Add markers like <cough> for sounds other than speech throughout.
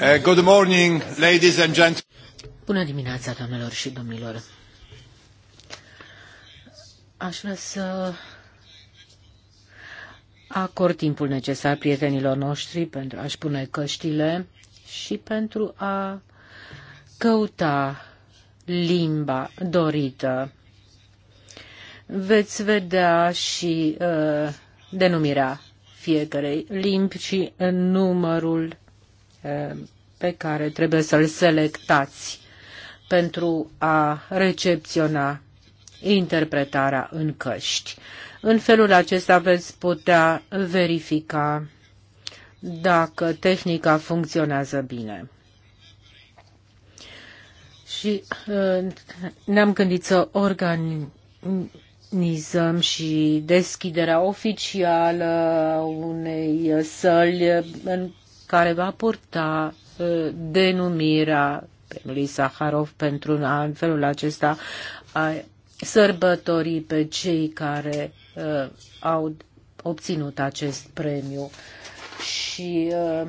Uh, good morning, ladies and gentlemen. Bună dimineața, doamnelor și domnilor. Aș vrea să acord timpul necesar prietenilor noștri pentru a-și pune căștile și pentru a căuta limba dorită. Veți vedea și uh, denumirea fiecarei limbi și numărul Eh, pe care trebuie să-l selectați pentru a recepționa interpretarea în căști. În felul acesta veți putea verifica dacă tehnica funcționează bine. Și eh, ne-am gândit să organizăm și deschiderea oficială unei săli în care va purta uh, denumirea premiului Saharov pentru un an, felul acesta a sărbători pe cei care uh, au obținut acest premiu. Și uh,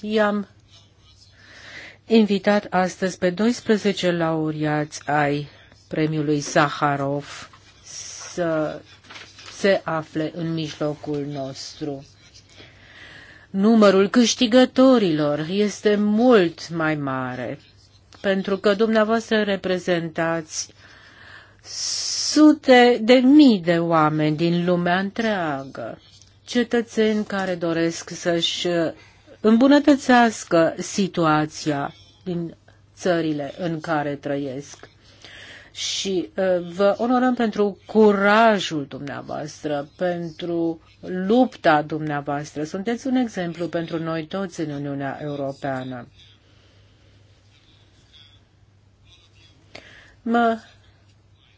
i-am invitat astăzi pe 12 laureați ai premiului Saharov să se afle în mijlocul nostru. Numărul câștigătorilor este mult mai mare, pentru că dumneavoastră reprezentați sute de mii de oameni din lumea întreagă, cetățeni care doresc să-și îmbunătățească situația din țările în care trăiesc și uh, vă onorăm pentru curajul dumneavoastră, pentru lupta dumneavoastră. Sunteți un exemplu pentru noi toți în Uniunea Europeană. Mă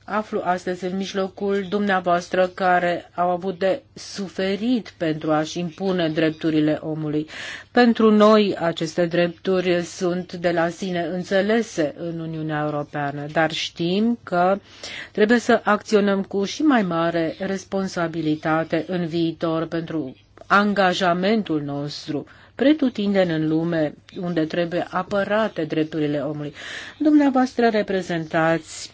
aflu astăzi în mijlocul dumneavoastră care au avut de suferit pentru a-și impune drepturile omului. Pentru noi aceste drepturi sunt de la sine înțelese în Uniunea Europeană, dar știm că trebuie să acționăm cu și mai mare responsabilitate în viitor pentru angajamentul nostru pretutindeni în lume unde trebuie apărate drepturile omului. Dumneavoastră reprezentați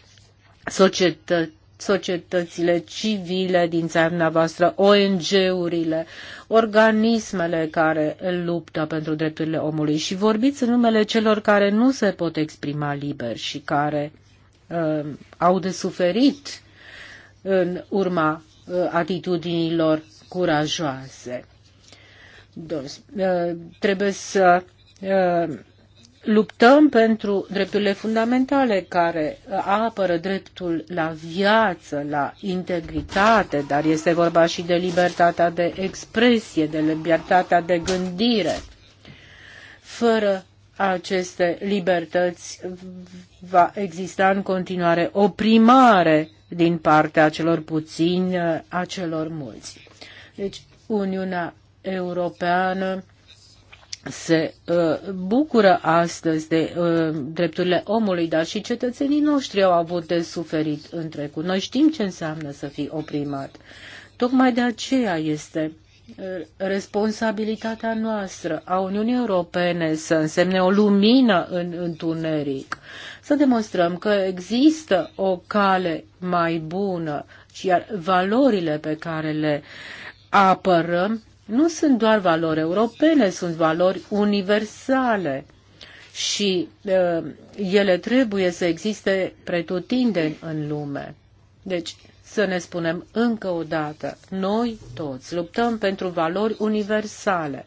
societă, societățile civile din țara voastră, ONG-urile, organismele care luptă pentru drepturile omului și vorbiți în numele celor care nu se pot exprima liber și care uh, au de suferit în urma uh, atitudinilor curajoase. Deci, uh, trebuie să uh, luptăm pentru drepturile fundamentale care uh, apără dreptul la viață, la integritate, dar este vorba și de libertatea de expresie, de libertatea de gândire. Fără aceste libertăți va exista în continuare o primare din partea celor puțini, uh, a celor mulți. Deci, Uniunea Europeană se uh, bucură astăzi de uh, drepturile omului, dar și cetățenii noștri au avut de suferit în trecut. Noi știm ce înseamnă să fii oprimat. Tocmai de aceea este uh, responsabilitatea noastră a Uniunii Europene să însemne o lumină în întuneric, să demonstrăm că există o cale mai bună și iar valorile pe care le apărăm nu sunt doar valori europene, sunt valori universale și uh, ele trebuie să existe pretutindeni în lume. Deci, să ne spunem încă o dată, noi toți luptăm pentru valori universale.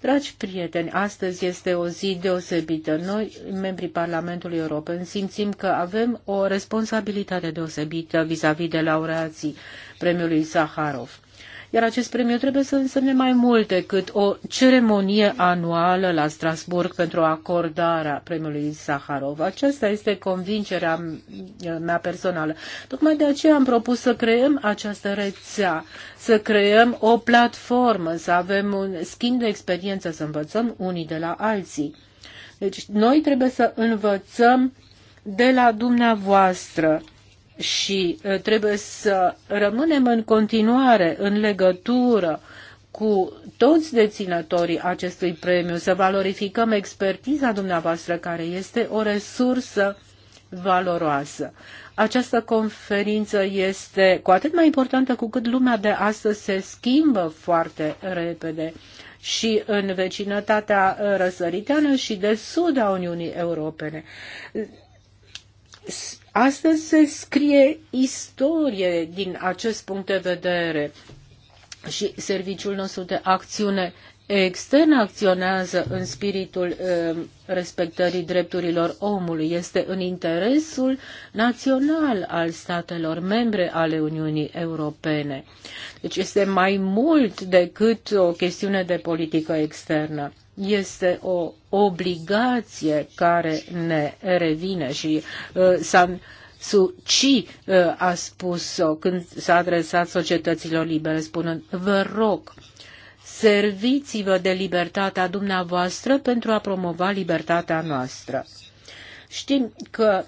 Dragi prieteni, astăzi este o zi deosebită. Noi, membrii Parlamentului European, simțim că avem o responsabilitate deosebită vis-a-vis -vis de laureații premiului Saharov. Iar acest premiu trebuie să însemne mai mult decât o ceremonie anuală la Strasburg pentru acordarea premiului Saharov. Aceasta este convingerea mea personală. Tocmai de aceea am propus să creăm această rețea, să creăm o platformă, să avem un schimb de experiență, să învățăm unii de la alții. Deci noi trebuie să învățăm de la dumneavoastră și uh, trebuie să rămânem în continuare în legătură cu toți deținătorii acestui premiu, să valorificăm expertiza dumneavoastră, care este o resursă valoroasă. Această conferință este cu atât mai importantă cu cât lumea de astăzi se schimbă foarte repede și în vecinătatea uh, răsăriteană și de sud a Uniunii Europene Astăzi se scrie istorie din acest punct de vedere și serviciul nostru de acțiune externă acționează în spiritul uh, respectării drepturilor omului. Este în interesul național al statelor membre ale Uniunii Europene. Deci este mai mult decât o chestiune de politică externă. Este o obligație care ne revine și uh, s-a Suu Kyi uh, a spus-o când s-a adresat societăților libere, spunând, vă rog, serviți-vă de libertatea dumneavoastră pentru a promova libertatea noastră. Știm că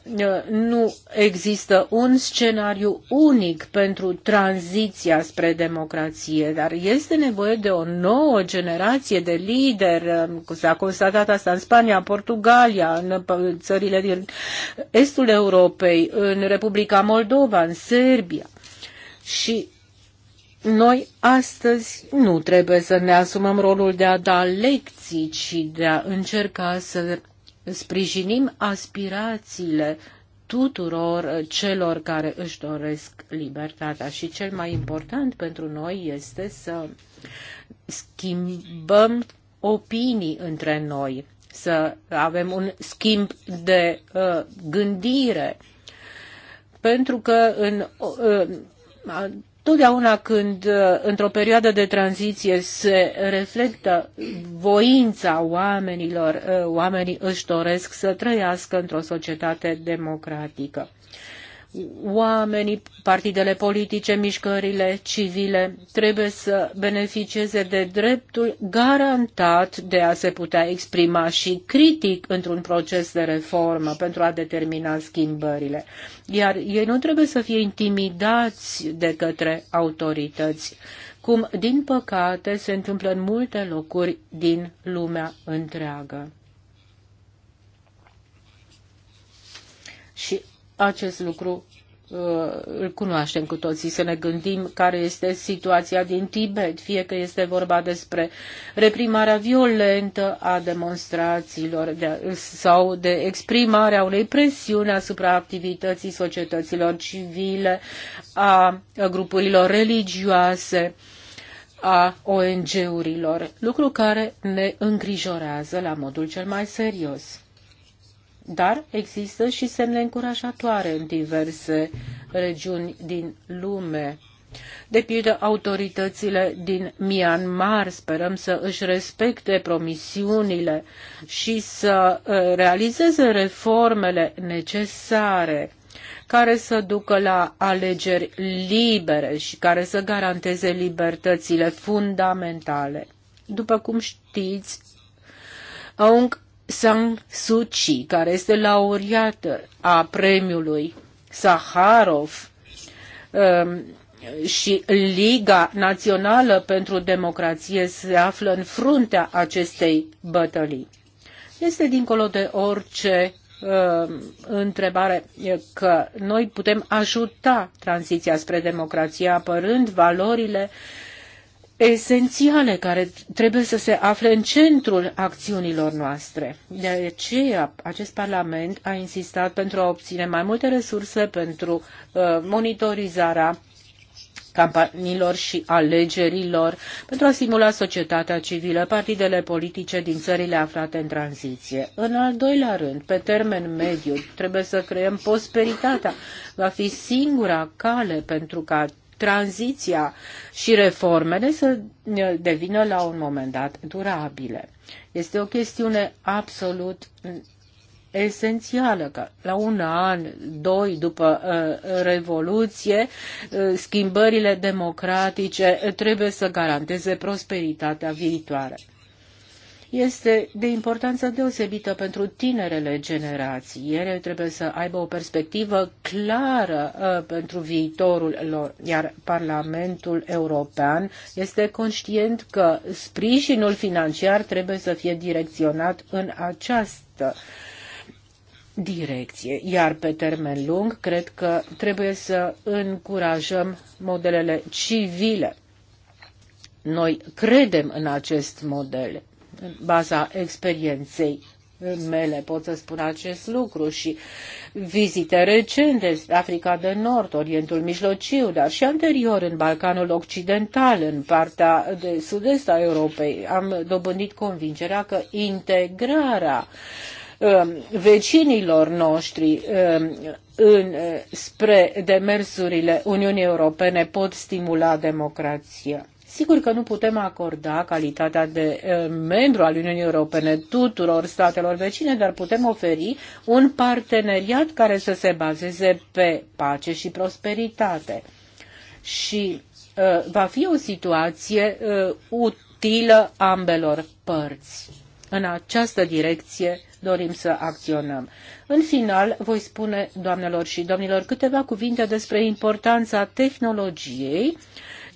nu există un scenariu unic pentru tranziția spre democrație, dar este nevoie de o nouă generație de lideri. S-a constatat asta în Spania, Portugalia, în țările din estul Europei, în Republica Moldova, în Serbia. Și noi astăzi nu trebuie să ne asumăm rolul de a da lecții, ci de a încerca să sprijinim aspirațiile tuturor celor care își doresc libertatea și cel mai important pentru noi este să schimbăm opinii între noi, să avem un schimb de uh, gândire, pentru că în uh, Totdeauna când uh, într-o perioadă de tranziție se reflectă voința oamenilor, uh, oamenii își doresc să trăiască într-o societate democratică oamenii, partidele politice, mișcările civile trebuie să beneficieze de dreptul garantat de a se putea exprima și critic într-un proces de reformă pentru a determina schimbările. Iar ei nu trebuie să fie intimidați de către autorități, cum din păcate se întâmplă în multe locuri din lumea întreagă. Și acest lucru Uh, îl cunoaștem cu toții, să ne gândim care este situația din Tibet, fie că este vorba despre reprimarea violentă a demonstrațiilor de, sau de exprimarea unei presiuni asupra activității societăților civile, a grupurilor religioase, a ONG-urilor, lucru care ne îngrijorează la modul cel mai serios. Dar există și semne încurajatoare în diverse regiuni din lume. De pildă, autoritățile din Myanmar sperăm să își respecte promisiunile și să uh, realizeze reformele necesare care să ducă la alegeri libere și care să garanteze libertățile fundamentale. După cum știți, Aung Sang Suu Kyi, care este laureată a premiului Saharov um, și Liga Națională pentru Democrație se află în fruntea acestei bătălii. Este dincolo de orice um, întrebare că noi putem ajuta tranziția spre democrație apărând valorile uh, esențiale care trebuie să se afle în centrul acțiunilor noastre. De aceea, acest Parlament a insistat pentru a obține mai multe resurse pentru uh, monitorizarea campaniilor și alegerilor pentru a simula societatea civilă, partidele politice din țările aflate în tranziție. În al doilea rând, pe termen mediu, trebuie să creăm prosperitatea. Va fi singura cale pentru ca tranziția și reformele să devină la un moment dat durabile. Este o chestiune absolut esențială că la un an, doi după uh, Revoluție, uh, schimbările democratice trebuie să garanteze prosperitatea viitoare este de importanță deosebită pentru tinerele generații. Ele trebuie să aibă o perspectivă clară uh, pentru viitorul lor, iar Parlamentul European este conștient că sprijinul financiar trebuie să fie direcționat în această direcție. Iar pe termen lung, cred că trebuie să încurajăm modelele civile. Noi credem în acest model în baza experienței mele pot să spun acest lucru și vizite recente Africa de Nord, Orientul Mijlociu, dar și anterior în Balcanul Occidental, în partea de sud-est a Europei, am dobândit convingerea că integrarea um, vecinilor noștri um, în, spre demersurile Uniunii Europene pot stimula democrația. Sigur că nu putem acorda calitatea de eh, membru al Uniunii Europene tuturor statelor vecine, dar putem oferi un parteneriat care să se bazeze pe pace și prosperitate. Și uh, va fi o situație uh, utilă ambelor părți. În această direcție dorim să acționăm. În final, voi spune, doamnelor și domnilor, câteva cuvinte despre importanța tehnologiei uh,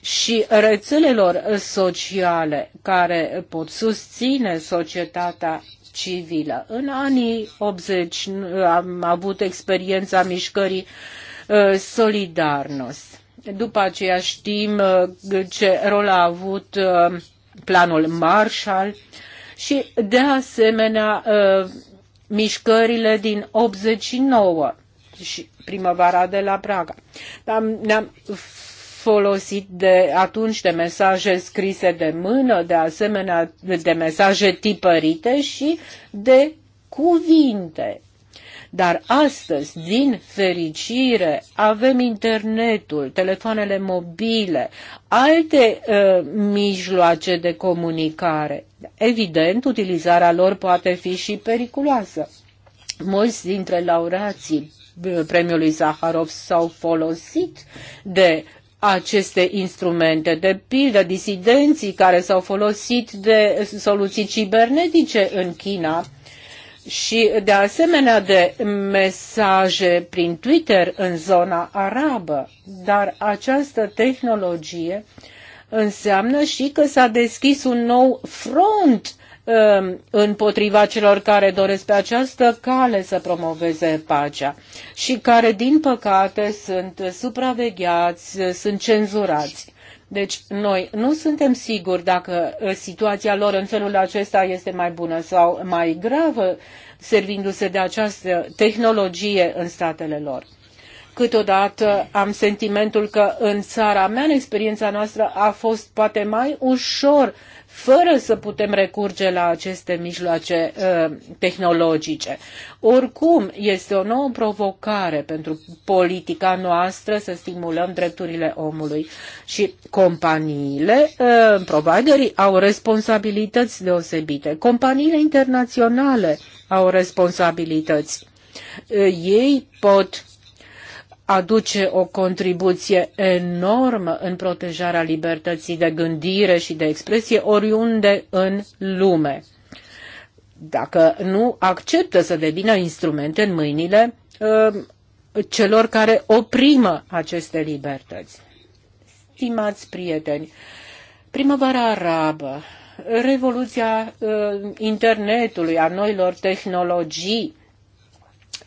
și rețelelor sociale care pot susține societatea civilă. În anii 80 am avut experiența mișcării uh, Solidarnos. După aceea știm uh, ce rol a avut uh, planul Marshall și de asemenea mișcările din 89 și primăvara de la Praga. Am, ne-am folosit de atunci de mesaje scrise de mână, de asemenea de mesaje tipărite și de cuvinte. Dar astăzi, din fericire, avem internetul, telefoanele mobile, alte uh, mijloace de comunicare. Evident, utilizarea lor poate fi și periculoasă. Mulți dintre laureații ă, premiului Zaharov s-au folosit de aceste instrumente, de pildă disidenții care s-au folosit de soluții cibernetice în China și de asemenea de mesaje prin Twitter în zona arabă. Dar această tehnologie înseamnă și că s-a deschis un nou front Um, împotriva celor care doresc pe această cale să promoveze pacea și care, din păcate, sunt supravegheați, sunt cenzurați. Deci noi nu suntem siguri dacă uh, situația lor în felul acesta este mai bună sau mai gravă servindu-se de această tehnologie în statele lor. Câteodată am sentimentul că în țara mea, în experiența noastră, a fost poate mai ușor fără să putem recurge la aceste mijloace uh, tehnologice. Oricum, este o nouă provocare pentru politica noastră să stimulăm drepturile omului și companiile, uh, providerii au responsabilități deosebite. Companiile internaționale au responsabilități. Uh, ei pot aduce o contribuție enormă în protejarea libertății de gândire și de expresie oriunde în lume. Dacă nu acceptă să devină instrumente în mâinile uh, celor care oprimă aceste libertăți. Stimați prieteni, primăvara arabă, revoluția uh, internetului, a noilor tehnologii,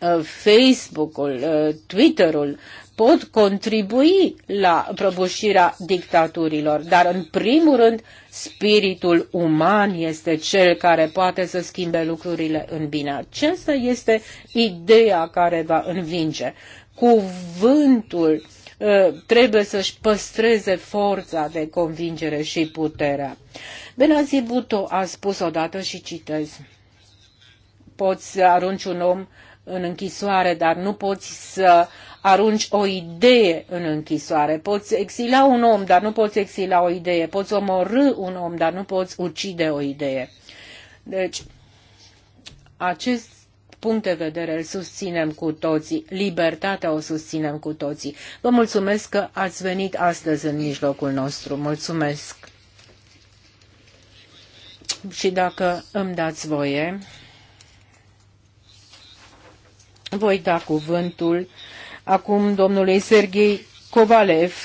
Uh, Facebook-ul, uh, Twitter-ul pot contribui la prăbușirea dictaturilor, dar în primul rând spiritul uman este cel care poate să schimbe lucrurile în bine. Aceasta este ideea care va învinge. Cuvântul uh, trebuie să-și păstreze forța de convingere și puterea. Benazir Bhutto a spus odată și citez. Poți să arunci un om în închisoare, dar nu poți să arunci o idee în închisoare. Poți exila un om, dar nu poți exila o idee. Poți omorâ un om, dar nu poți ucide o idee. Deci, acest punct de vedere îl susținem cu toții, libertatea o susținem cu toții. Vă mulțumesc că ați venit astăzi în mijlocul nostru. Mulțumesc! Și dacă îmi dați voie, voi da cuvântul acum domnului Serghei Kovalev.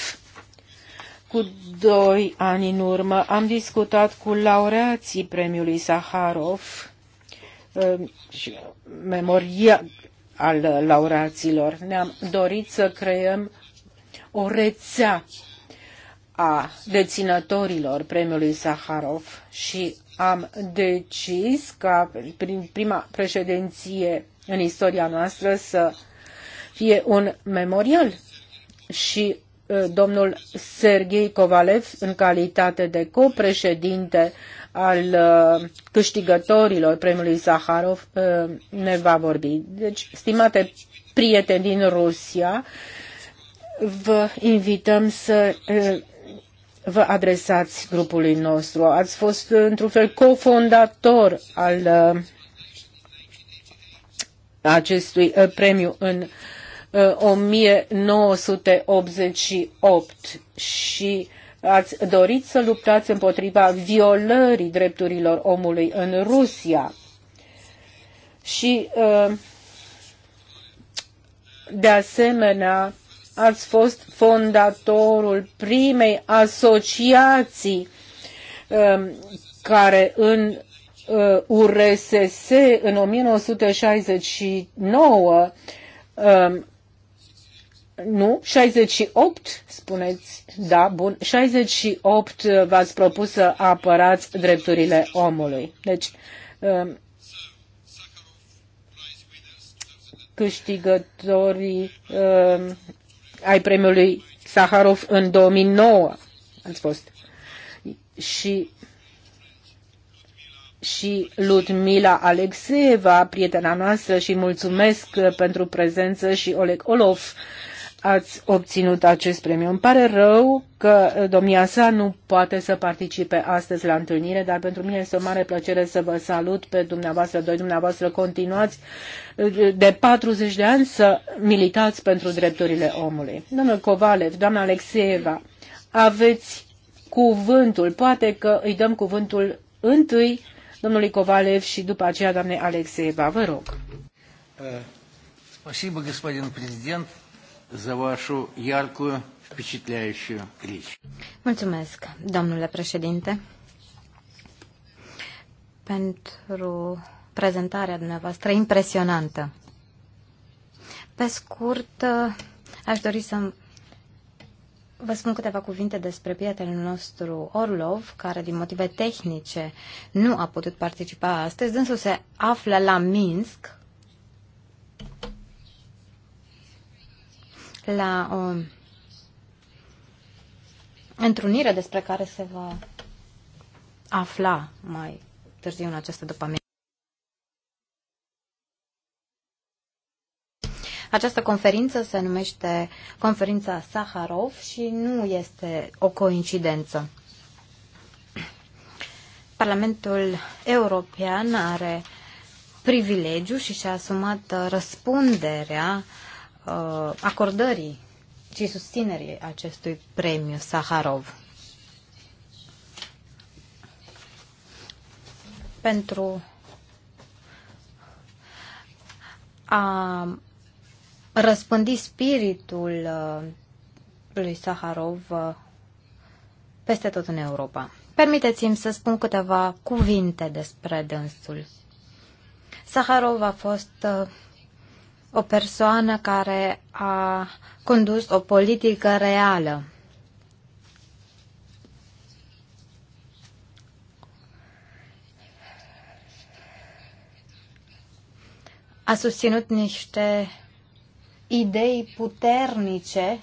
Cu doi ani în urmă am discutat cu laureații premiului Saharov uh, și memoria al laureaților. Ne-am dorit să creăm o rețea a deținătorilor premiului Saharov și am decis ca prin prima președinție în istoria noastră să fie un memorial și uh, domnul Serghei Kovalev în calitate de copreședinte al uh, câștigătorilor premiului Zaharov uh, ne va vorbi. Deci, stimate prieteni din Rusia, vă invităm să vă adresați grupului nostru. Ați fost într-un fel cofondator al acestui uh, premiu în 1988 uh, și ați dorit să luptați împotriva violării drepturilor omului în Rusia. Și uh, de asemenea ați fost fondatorul primei asociații care în URSS uh, în 1969 um, nu, 68, spuneți, da, bun, 68 uh, v-ați propus să apărați drepturile omului. Deci, um, câștigătorii um, ai premiului Saharov în 2009 ați fost. Și și Ludmila Alexeva, prietena noastră, și mulțumesc uh, pentru prezență și Oleg Olof. ați obținut acest premiu. Îmi pare rău că uh, domnia sa nu poate să participe astăzi la întâlnire, dar pentru mine este o mare plăcere să vă salut pe dumneavoastră, doi dumneavoastră continuați uh, de 40 de ani să militați pentru drepturile omului. Domnul Covalev, doamna Alexeeva, aveți cuvântul, poate că îi dăm cuvântul întâi domnului Kovalev și după aceea doamnei Alexeeva. Vă rog. Eh, Спасибо, господин президент, за вашу яркую, впечатляющую речь. Mulțumesc, domnule președinte, pentru prezentarea dumneavoastră impresionantă. Pe scurt, eh, aș dori să vă spun câteva cuvinte despre prietenul nostru Orlov, care din motive tehnice nu a putut participa astăzi. Dânsul se află la Minsk la o întrunire despre care se va afla mai târziu în această după Această conferință se numește Conferința Saharov și nu este o coincidență. Parlamentul European are privilegiu și și-a asumat răspunderea uh, acordării și susținerii acestui premiu Saharov. Pentru a răspândi spiritul uh, lui Saharov uh, peste tot în Europa. Permiteți-mi să spun câteva cuvinte despre dânsul. Saharov a fost uh, o persoană care a condus o politică reală. A susținut niște idei puternice,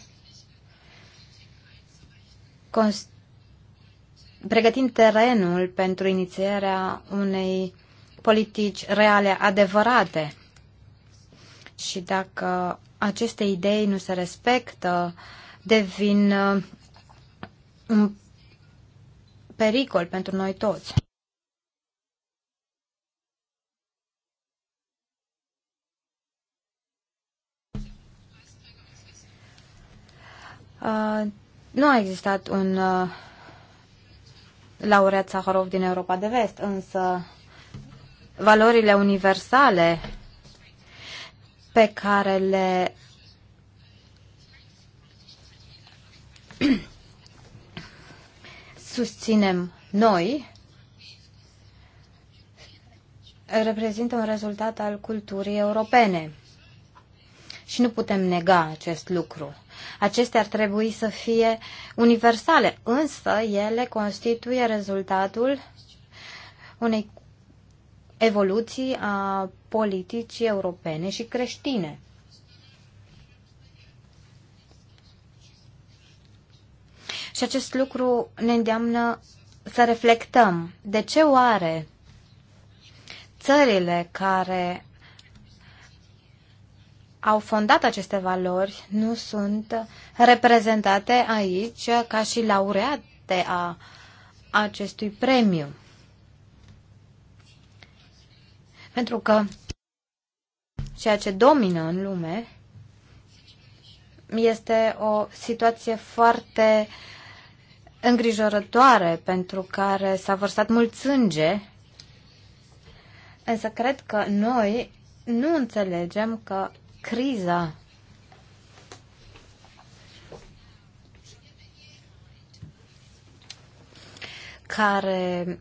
pregătind terenul pentru inițierea unei politici reale, adevărate. Și dacă aceste idei nu se respectă, devin uh, un pericol pentru noi toți. Uh, nu a existat un uh, laureat Saharov din Europa de Vest, însă valorile universale pe care le <clears throat> susținem noi reprezintă un rezultat al culturii europene. Și nu putem nega acest lucru. Acestea ar trebui să fie universale, însă ele constituie rezultatul unei evoluții a politicii europene și creștine. Și acest lucru ne îndeamnă să reflectăm de ce oare țările care au fondat aceste valori nu sunt reprezentate aici ca și laureate a acestui premiu. Pentru că ceea ce domină în lume este o situație foarte îngrijorătoare pentru care s-a vărsat mult sânge, însă cred că noi nu înțelegem că criza care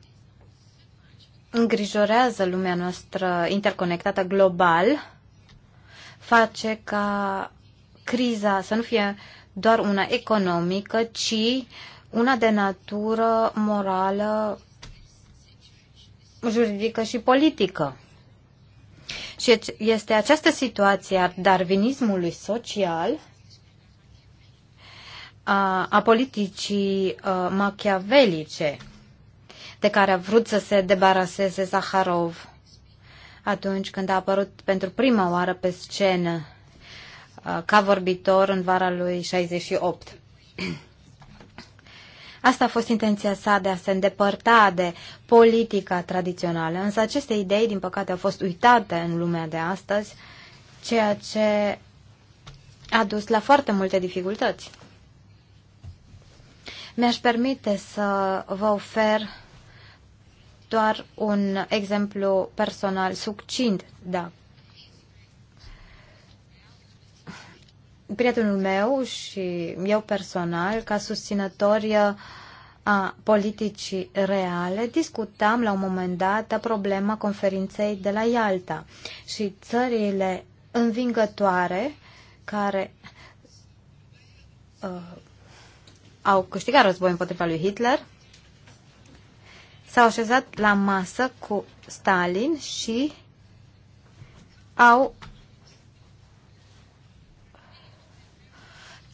îngrijorează lumea noastră interconectată global face ca criza să nu fie doar una economică, ci una de natură morală, juridică și politică. Și este această situație a darwinismului social, a, a politicii a, machiavelice, de care a vrut să se debaraseze Zaharov atunci când a apărut pentru prima oară pe scenă ca vorbitor în vara lui 68. <clears throat> Asta a fost intenția sa de a se îndepărta de politica tradițională, însă aceste idei, din păcate, au fost uitate în lumea de astăzi, ceea ce a dus la foarte multe dificultăți. Mi-aș permite să vă ofer doar un exemplu personal succint, dacă prietenul meu și eu personal, ca susținători uh, a politicii reale, discutam la un moment dat problema conferinței de la Ialta și țările învingătoare care uh, au câștigat război împotriva lui Hitler s-au așezat la masă cu Stalin și au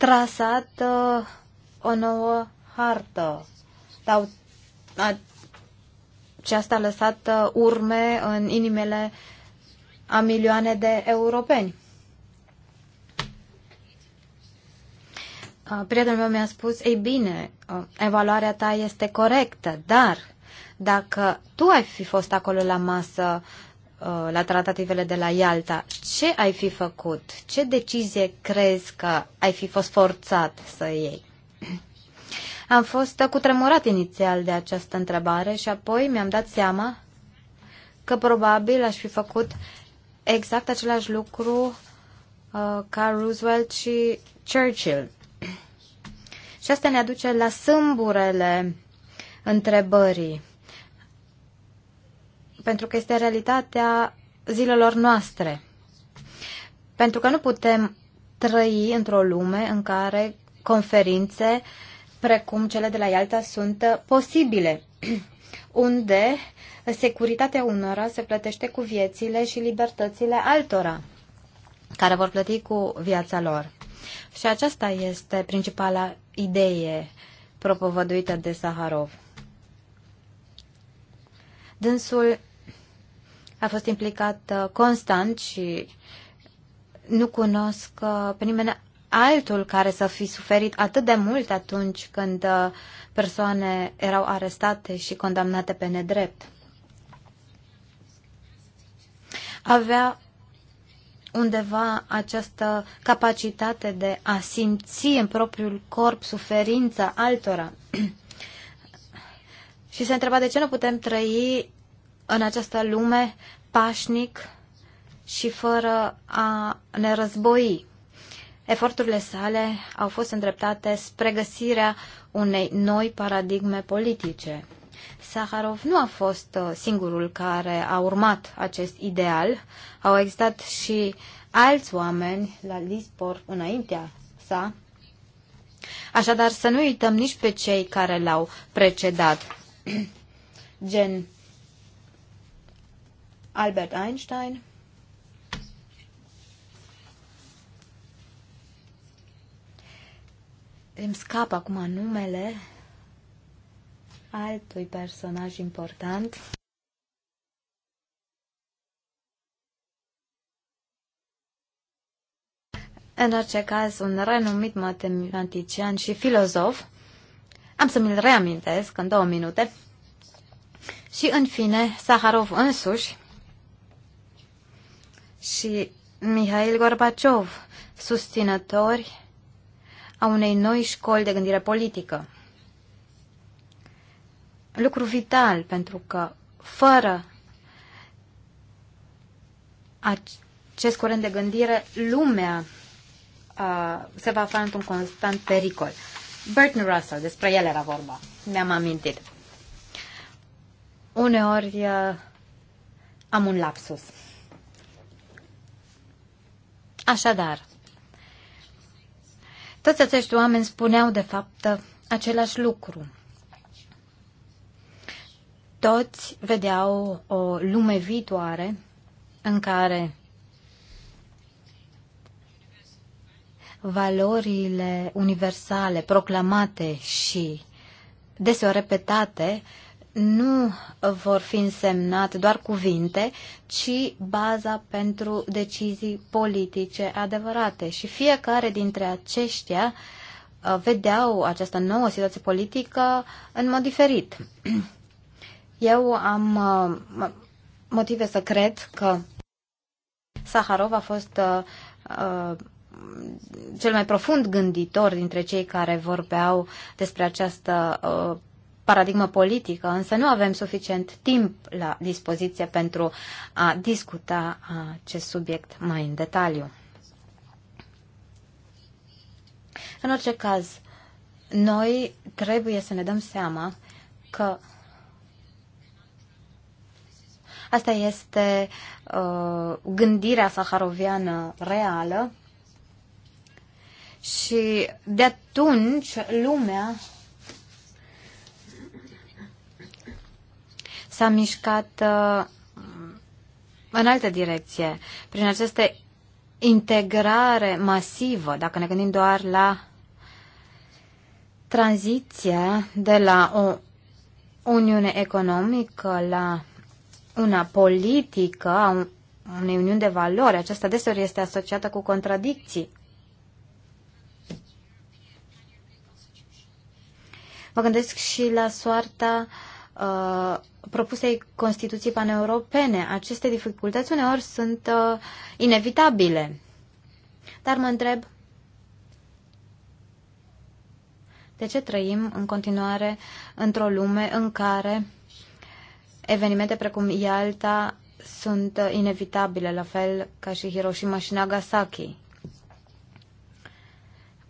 trasat uh, o nouă hartă. Dar aceasta a lăsat uh, urme în inimile a milioane de europeni. Uh, prietenul meu mi-a spus, ei bine, uh, evaluarea ta este corectă, dar dacă tu ai fi fost acolo la masă Uh, la tratativele de la Ialta, ce ai fi făcut? Ce decizie crezi că ai fi fost forțat să iei? <clears throat> Am fost cutremurat inițial de această întrebare și apoi mi-am dat seama că probabil aș fi făcut exact același lucru uh, ca Roosevelt și Churchill. <clears throat> Și asta ne aduce la sâmburele întrebării pentru că este realitatea zilelor noastre. Pentru că nu putem trăi într-o lume în care conferințe precum cele de la Ialta sunt posibile, <clears throat> unde securitatea unora se plătește cu viețile și libertățile altora, care vor plăti cu viața lor. Și aceasta este principala idee propovăduită de Saharov. Dânsul a fost implicat uh, constant și nu cunosc uh, pe nimeni altul care să fi suferit atât de mult atunci când uh, persoane erau arestate și condamnate pe nedrept. Avea undeva această capacitate de a simți în propriul corp suferința altora. <clears throat> și se întreba de ce nu putem trăi în această lume pașnic și fără a ne război. Eforturile sale au fost îndreptate spre găsirea unei noi paradigme politice. Saharov nu a fost uh, singurul care a urmat acest ideal. Au existat și alți oameni la Lisbor înaintea sa. Așadar, să nu uităm nici pe cei care l-au precedat. <clears throat> Gen Albert Einstein, îmi scap acum numele altui personaj important. În orice caz, un renumit matematician și filozof. Am să mi-l reamintesc în două minute. Și, în fine, Saharov însuși și Mihail Gorbaciov, susținători a unei noi școli de gândire politică. Lucru vital, pentru că fără acest curent de gândire, lumea uh, se va afla într-un constant pericol. Burton Russell, despre el era vorba, mi-am amintit. Uneori uh, am un lapsus. Așadar, toți acești oameni spuneau, de fapt, același lucru. Toți vedeau o lume viitoare în care valorile universale proclamate și deseori repetate nu vor fi însemnate doar cuvinte, ci baza pentru decizii politice adevărate. Și fiecare dintre aceștia uh, vedeau această nouă situație politică în mod diferit. <clears throat> Eu am uh, motive să cred că Saharov a fost uh, cel mai profund gânditor dintre cei care vorbeau despre această paradigmă politică, însă nu avem suficient timp la dispoziție pentru a discuta acest subiect mai în detaliu. În orice caz, noi trebuie să ne dăm seama că asta este uh, gândirea saharoviană reală și de atunci lumea s-a mișcat uh, în altă direcție, prin această integrare masivă, dacă ne gândim doar la tranziția de la o uniune economică la una politică, a unei uniuni de valori, aceasta deseori este asociată cu contradicții. Mă gândesc și la soarta uh, Uh, propusei Constituții paneuropene. Aceste dificultăți uneori sunt uh, inevitabile. Dar mă întreb, de ce trăim în continuare într-o lume în care evenimente precum Ialta sunt uh, inevitabile, la fel ca și Hiroshima și Nagasaki?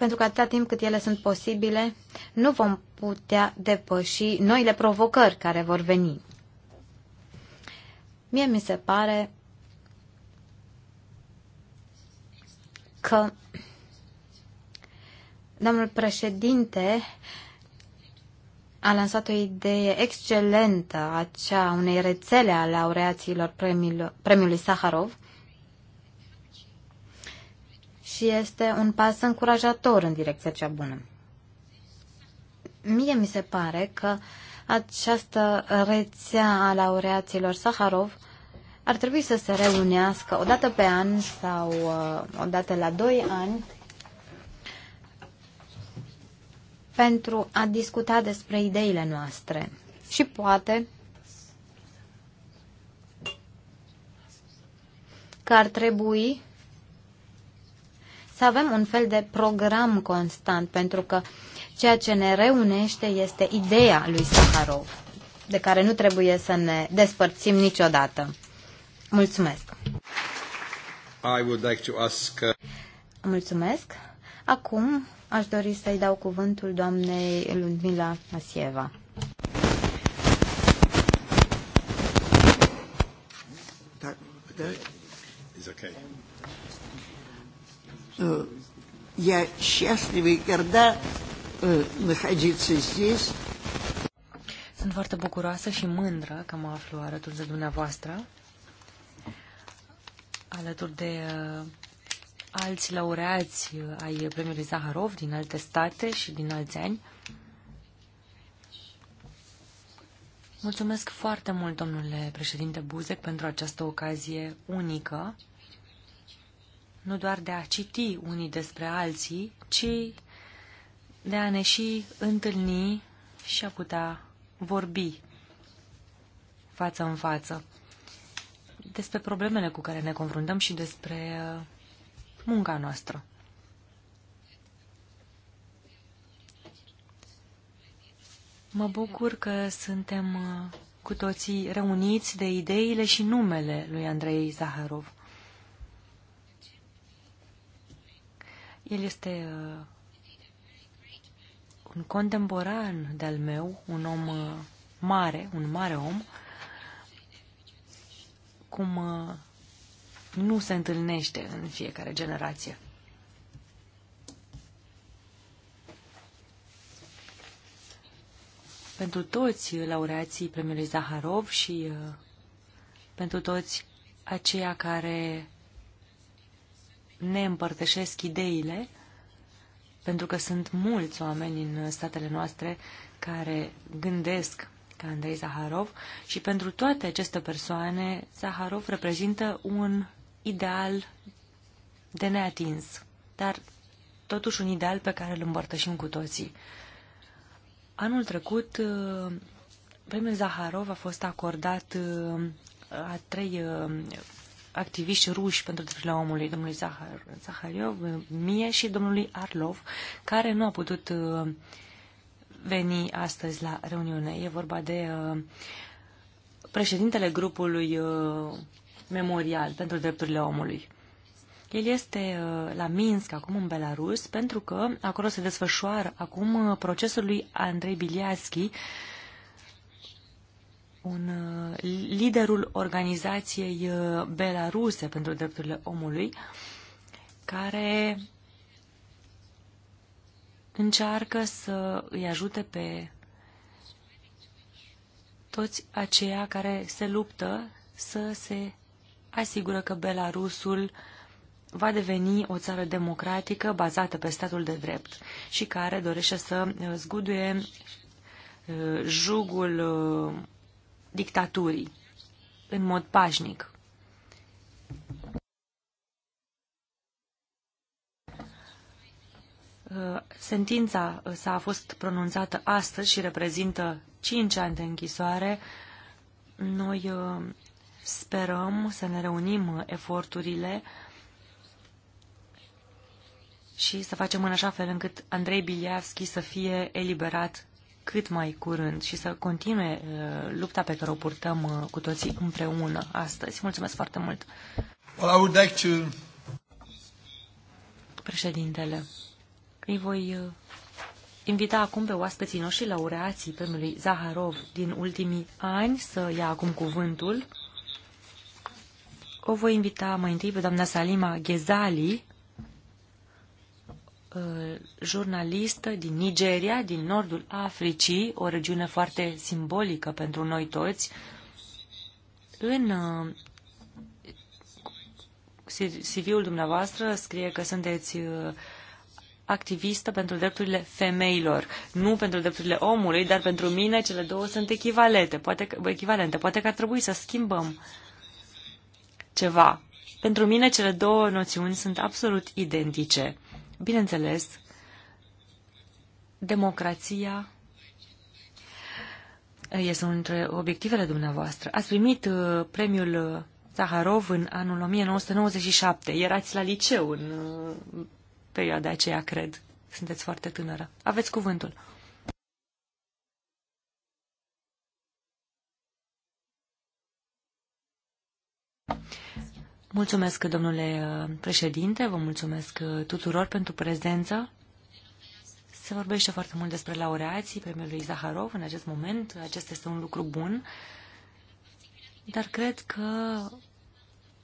pentru că atâta timp cât ele sunt posibile, nu vom putea depăși noile provocări care vor veni. Mie mi se pare că domnul președinte a lansat o idee excelentă, acea unei rețele a laureaților premiului, premiului Saharov, și este un pas încurajator în direcția cea bună. Mie mi se pare că această rețea a laureaților Saharov ar trebui să se reunească o dată pe an sau uh, o dată la doi ani pentru a discuta despre ideile noastre și poate că ar trebui să avem un fel de program constant, pentru că ceea ce ne reunește este ideea lui Saharov, de care nu trebuie să ne despărțim niciodată. Mulțumesc! I would like to ask... Uh, Mulțumesc! Acum aș dori să-i dau cuvântul doamnei Ludmila Masieva. Da, da. It's okay. Я счастлива и горда находиться здесь. Sunt foarte bucuroasă și mândră că mă aflu alături de dumneavoastră, alături de uh, alți laureați ai premiului Zaharov din alte state și din alți ani. Mulțumesc foarte mult, domnule președinte Buzek, pentru această ocazie unică nu doar de a citi unii despre alții, ci de a ne și întâlni și a putea vorbi față în față despre problemele cu care ne confruntăm și despre uh, munca noastră. Mă bucur că suntem uh, cu toții reuniți de ideile și numele lui Andrei Zaharov. El este uh, un contemporan de-al meu, un om uh, mare, un mare om, cum uh, nu se întâlnește în fiecare generație. Pentru toți laureații premiului Zaharov și pentru toți aceia care ne împărtășesc ideile, pentru că sunt mulți oameni în statele noastre care gândesc ca Andrei Zaharov și pentru toate aceste persoane, Zaharov reprezintă un ideal de neatins, dar totuși un ideal pe care îl împărtășim cu toții. Anul trecut, uh, premiul Zaharov a fost acordat uh, a trei uh, activiști ruși pentru drepturile omului, domnului Zahar, Zahariov, mie și domnului Arlov, care nu a putut uh, veni astăzi la reuniune. E vorba de uh, președintele grupului uh, memorial pentru drepturile omului. El este la Minsk, acum în Belarus, pentru că acolo se desfășoară acum procesul lui Andrei Biliaschi, un uh, liderul organizației uh, belaruse pentru drepturile omului, care încearcă să îi ajute pe toți aceia care se luptă să se asigură că Belarusul va deveni o țară democratică bazată pe statul de drept și care dorește să uh, zguduie jugul dictaturii în mod pașnic. Uh, sentința uh, s-a fost pronunțată astăzi și reprezintă 5 ani de închisoare. Noi uh, sperăm să ne reunim eforturile și să facem în așa fel încât Andrei Biliavski să fie eliberat cât mai curând și să continue uh, lupta pe care o purtăm uh, cu toții împreună astăzi. Mulțumesc foarte mult! Well, I would like to... Președintele, îi voi uh, invita acum pe oaspeții noștri laureații premiului Zaharov din ultimii ani să ia acum cuvântul. O voi invita mai întâi pe doamna Salima Ghezali, Uh, jurnalistă din Nigeria, din nordul Africii, o regiune foarte simbolică pentru noi toți, în uh, CV-ul dumneavoastră scrie că sunteți uh, activistă pentru drepturile femeilor, nu pentru drepturile omului, dar pentru mine cele două sunt echivalente. Poate că, echivalente. Poate că ar trebui să schimbăm ceva. Pentru mine cele două noțiuni sunt absolut identice. Bineînțeles, democrația este unul dintre obiectivele dumneavoastră. Ați primit uh, premiul Zaharov uh, în anul 1997. Erați la liceu în uh, perioada aceea, cred. Sunteți foarte tânără. Aveți cuvântul. Mulțumesc, domnule uh, președinte, vă mulțumesc uh, tuturor pentru prezență. Se vorbește foarte mult despre laureații premiului Zaharov în acest moment. Acesta este un lucru bun, dar cred că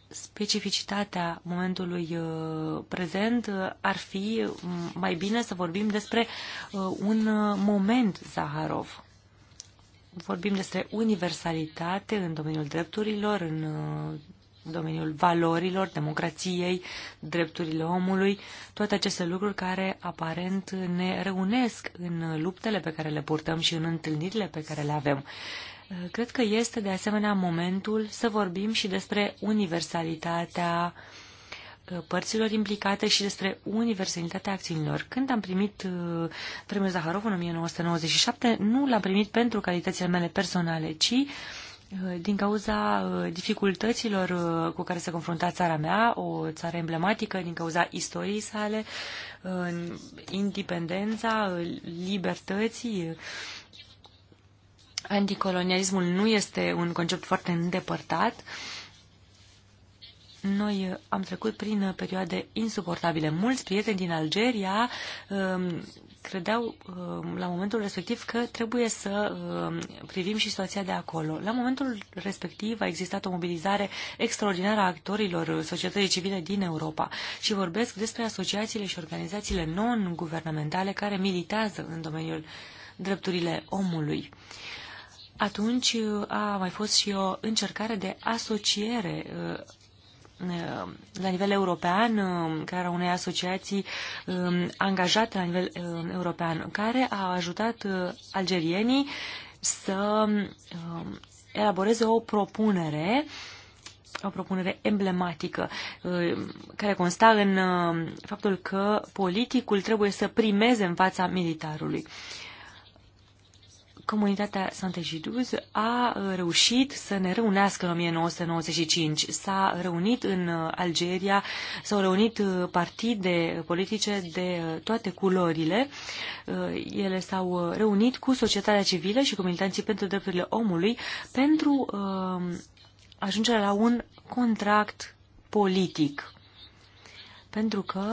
specificitatea momentului uh, prezent ar fi um, mai bine să vorbim despre un moment Zaharov. Vorbim despre universalitate în domeniul drepturilor, în în domeniul valorilor, democrației, drepturile omului, toate aceste lucruri care aparent ne reunesc în luptele pe care le purtăm și în întâlnirile pe care le avem. Cred că este de asemenea momentul să vorbim și despre universalitatea uh, părților implicate și despre universalitatea acțiunilor. Când am primit uh, premiul Zaharov în 1997, nu l-am primit pentru calitățile mele personale, ci Eh, din cauza eh, dificultăților eh, cu care se confrunta țara mea, o țară emblematică, din cauza istoriei sale, independența, libertății, anticolonialismul nu este un concept foarte îndepărtat. Noi am trecut prin perioade insuportabile. Mulți prieteni din Algeria credeau uh, la momentul respectiv că trebuie să uh, privim și situația de acolo. La momentul respectiv a existat o mobilizare extraordinară a actorilor societății civile din Europa și vorbesc despre asociațiile și organizațiile non-guvernamentale care militează în domeniul drepturile omului. Atunci uh, a mai fost și o încercare de asociere Uh, la nivel european, uh, crearea unei asociații um, angajate la nivel um, european, care a ajutat uh, algerienii să um, elaboreze o propunere o propunere emblematică care consta în faptul că politicul trebuie să primeze în fața militarului comunitatea Sante Jiduz a uh, reușit să ne reunească în 1995. S-a reunit în uh, Algeria, s-au reunit uh, partide politice de toate culorile. Ele s-au reunit cu societatea civilă și cu militanții pentru drepturile omului pentru ajungerea la un contract politic. Pentru că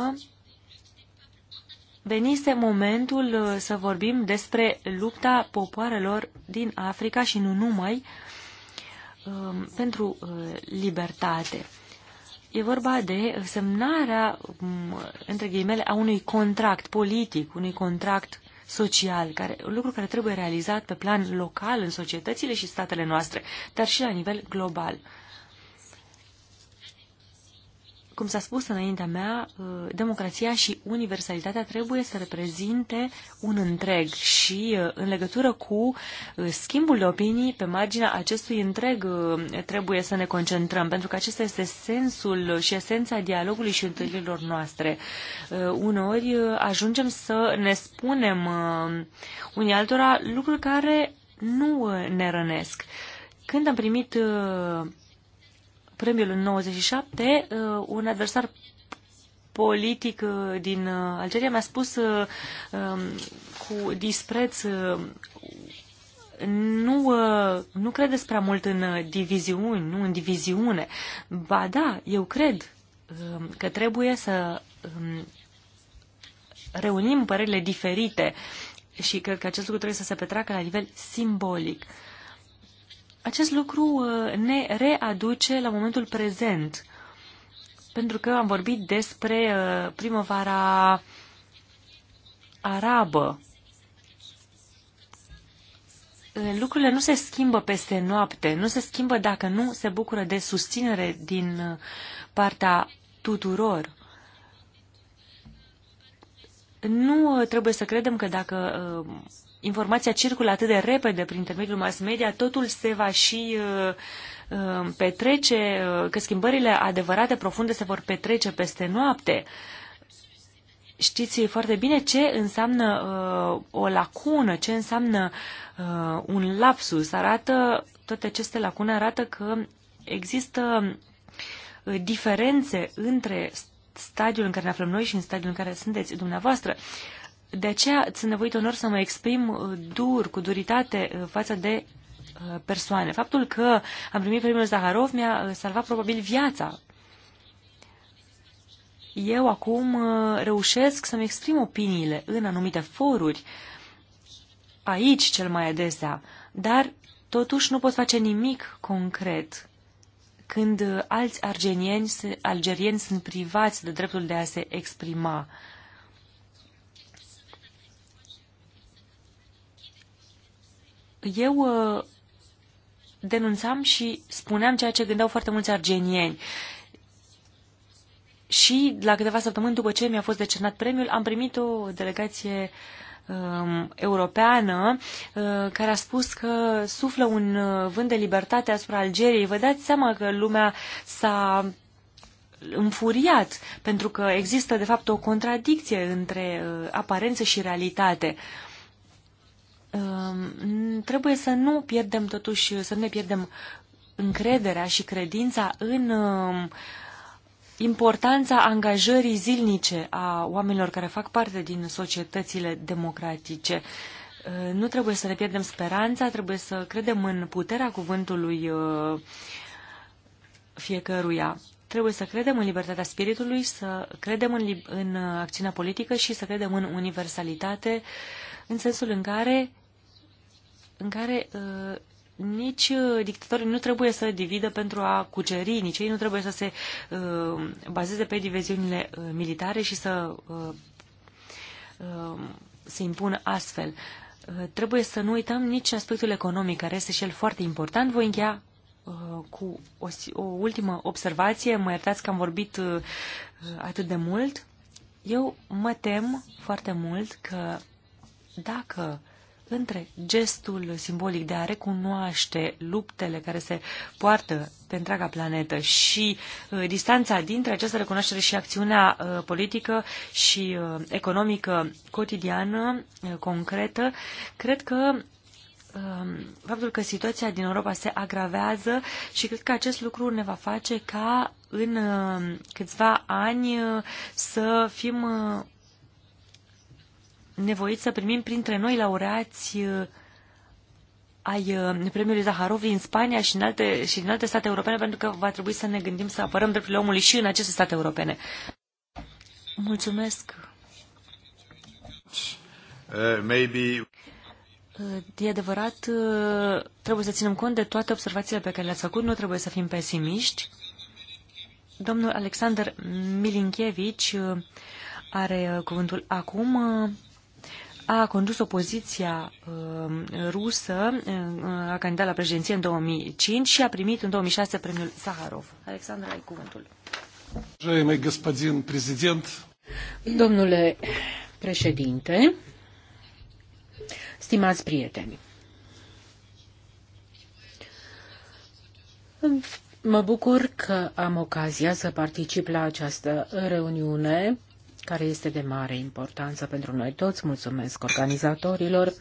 venise momentul uh, să vorbim despre lupta popoarelor din Africa și nu numai um, pentru uh, libertate. E vorba de semnarea, um, între ghimele, a unui contract politic, unui contract social, care, un lucru care trebuie realizat pe plan local în societățile și statele noastre, dar și la nivel global. Cum s-a spus înaintea mea, uh, democrația și universalitatea trebuie să reprezinte un întreg și uh, în legătură cu uh, schimbul de opinii pe marginea acestui întreg trebuie să ne concentrăm, pentru că acesta este sensul și esența dialogului și întâlnirilor noastre. Uneori ajungem să ne spunem unii altora lucruri care nu ne rănesc. Când am primit premiul în 97, uh, un adversar politic uh, din uh, Algeria mi-a spus um, cu dispreț nu, nu credeți prea mult în diviziuni, nu în diviziune. Ba da, eu cred um, că trebuie să um, reunim părerile diferite și cred că acest lucru trebuie să se petreacă la nivel simbolic. Acest lucru uh, ne readuce la momentul prezent, pentru că am vorbit despre uh, primăvara arabă. Uh, lucrurile nu se schimbă peste noapte, nu se schimbă dacă nu se bucură de susținere din partea tuturor. Nu trebuie să credem că dacă informația circulă atât de repede prin intermediul mass media, totul se va și uh, uh, petrece, uh, că schimbările adevărate, profunde, se vor petrece peste noapte. Știți foarte bine ce înseamnă uh, o lacună, ce înseamnă uh, un lapsus. Arată, toate aceste lacune arată că există diferențe între stadiul în care ne aflăm noi și în stadiul în care sunteți dumneavoastră. De aceea sunt nevoit onor să mă exprim uh, dur, cu duritate uh, față de uh, persoane. Faptul că am primit primul Zaharov mi-a salvat probabil viața. Eu acum reușesc să-mi exprim opiniile în anumite foruri, aici cel mai adesea, dar totuși nu pot face nimic concret când alți argenieni, algerieni sunt privați de dreptul de a se exprima. eu uh, denunțam și spuneam ceea ce gândeau foarte mulți argenieni. Și la câteva săptămâni după ce mi-a fost decernat premiul, am primit o delegație um, europeană uh, care a spus că suflă un uh, vânt de libertate asupra Algeriei. Vă dați seama că lumea s-a înfuriat pentru că există de fapt o contradicție între aparență și realitate. Uh, Ehm, trebuie să nu pierdem totuși, să ne pierdem încrederea și credința în ehm, importanța angajării zilnice a oamenilor care fac parte din societățile democratice. Ehm, nu trebuie să ne pierdem speranța, trebuie să credem în puterea cuvântului fiecăruia. Trebuie să credem în libertatea spiritului, să credem în, în acțiunea politică și să credem în universalitate, în sensul în care în care uh, nici uh, dictatorii nu trebuie să dividă pentru a cuceri, nici ei nu trebuie să se uh, bazeze pe diviziunile uh, militare și să uh, uh, se impună astfel. Uh, trebuie să nu uităm nici aspectul economic, care este și el foarte important. Voi încheia uh, cu o, o ultimă observație. Mă iertați că am vorbit uh, atât de mult. Eu mă tem foarte mult că dacă uh, între gestul simbolic de a recunoaște luptele care se poartă pe întreaga planetă și uh, distanța dintre această recunoaștere și acțiunea uh, politică și uh, economică cotidiană, uh, concretă, cred că um, faptul că situația din Europa se agravează și cred că acest lucru ne va face ca în uh, câțiva ani uh, să fim nevoiți să primim printre noi laureați uh, ai uh, premiului Zaharov în Spania și în, alte, și în alte state europene, pentru că va trebui să ne gândim să apărăm drepturile omului și în aceste state europene. Mulțumesc. Uh, maybe... Uh, e adevărat, trebuie să ținem cont de toate observațiile pe care le-ați făcut, nu trebuie să fim pesimiști. Domnul Alexander Milinkevici are cuvântul acum a condus opoziția uh, rusă, uh, a candidat la președinție în 2005 și a primit în 2006 premiul Saharov. Alexandra, ai cuvântul. Domnule președinte, stimați prieteni, mă bucur că am ocazia să particip la această reuniune care este de mare importanță pentru noi toți. Mulțumesc organizatorilor.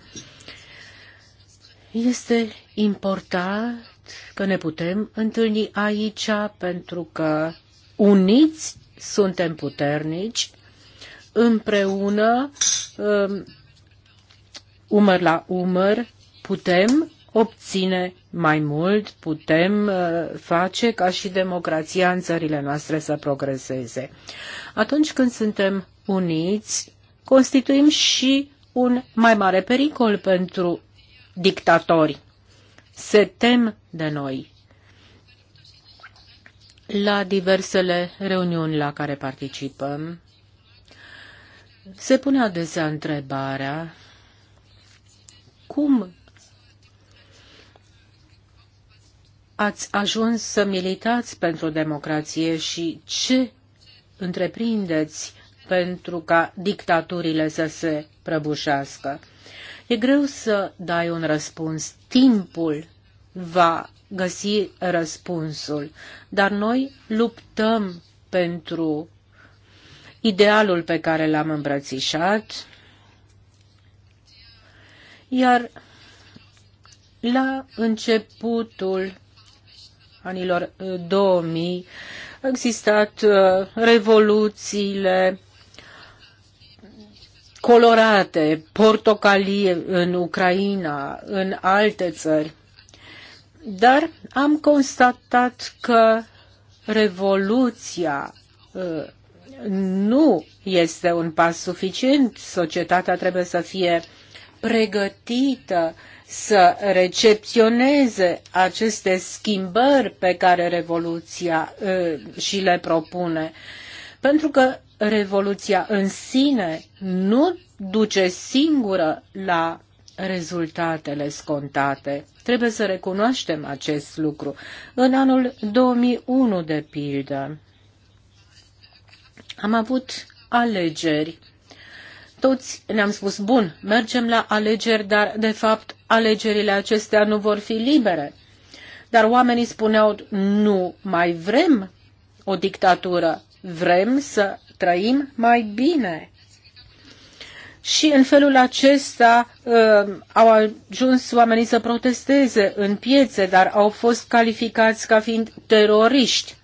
Este important că ne putem întâlni aici pentru că uniți suntem puternici, împreună, um, umăr la umăr, putem obține mai mult, putem uh, face ca și democrația în țările noastre să progreseze. Atunci când suntem uniți, constituim și un mai mare pericol pentru dictatori. Se tem de noi. La diversele reuniuni la care participăm, se pune adesea întrebarea cum ați ajuns să militați pentru democrație și ce întreprindeți pentru ca dictaturile să se prăbușească. E greu să dai un răspuns. Timpul va găsi răspunsul, dar noi luptăm pentru idealul pe care l-am îmbrățișat, iar la începutul anilor 2000, uh, au existat uh, revoluțiile colorate, portocalie în Ucraina, în alte țări. Dar am constatat că revoluția uh, nu este un pas suficient. Societatea trebuie să fie pregătită să recepționeze aceste schimbări pe care Revoluția și le propune. Pentru că Revoluția în sine nu duce singură la rezultatele scontate. Trebuie să recunoaștem acest lucru. În anul 2001, de pildă, am avut alegeri toți ne-am spus, bun, mergem la alegeri, dar de fapt alegerile acestea nu vor fi libere. Dar oamenii spuneau, nu mai vrem o dictatură, vrem să trăim mai bine. Și în felul acesta uh, au ajuns oamenii să protesteze în piețe, dar au fost calificați ca fiind teroriști.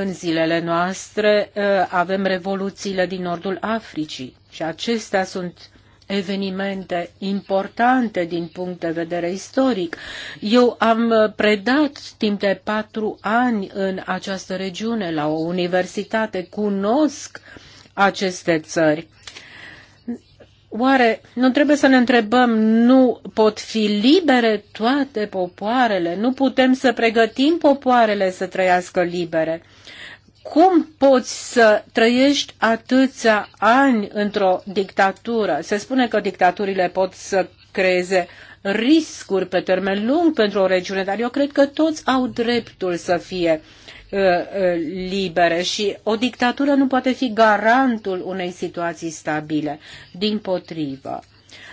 În zilele noastre uh, avem revoluțiile din nordul Africii și acestea sunt evenimente importante din punct de vedere istoric. Eu am uh, predat timp de patru ani în această regiune la o universitate, cunosc aceste țări Oare nu trebuie să ne întrebăm, nu pot fi libere toate popoarele? Nu putem să pregătim popoarele să trăiască libere? Cum poți să trăiești atâția ani într-o dictatură? Se spune că dictaturile pot să creeze riscuri pe termen lung pentru o regiune, dar eu cred că toți au dreptul să fie uh, Uh, uh, libere și o dictatură nu poate fi garantul unei situații stabile. Din potrivă.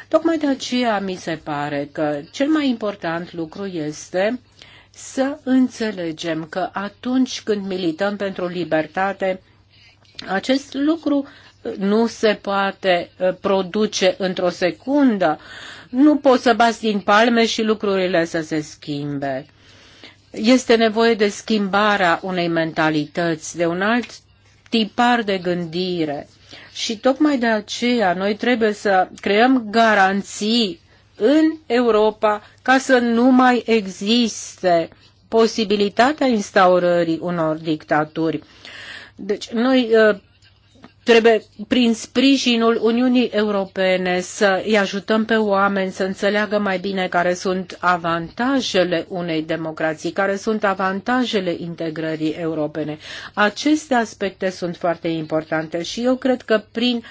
Tocmai de aceea mi se pare că cel mai important lucru este să înțelegem că atunci când milităm pentru libertate, acest lucru uh, nu se poate produce într-o secundă. Nu poți să bați din palme și lucrurile să se schimbe. Este nevoie de schimbarea unei mentalități, de un alt tipar de gândire. Și tocmai de aceea noi trebuie să creăm garanții în Europa ca să nu mai existe posibilitatea instaurării unor dictaturi. Deci noi uh, Trebuie prin sprijinul Uniunii Europene să îi ajutăm pe oameni să înțeleagă mai bine care sunt avantajele unei democrații, care sunt avantajele integrării europene. Aceste aspecte sunt foarte importante și eu cred că prin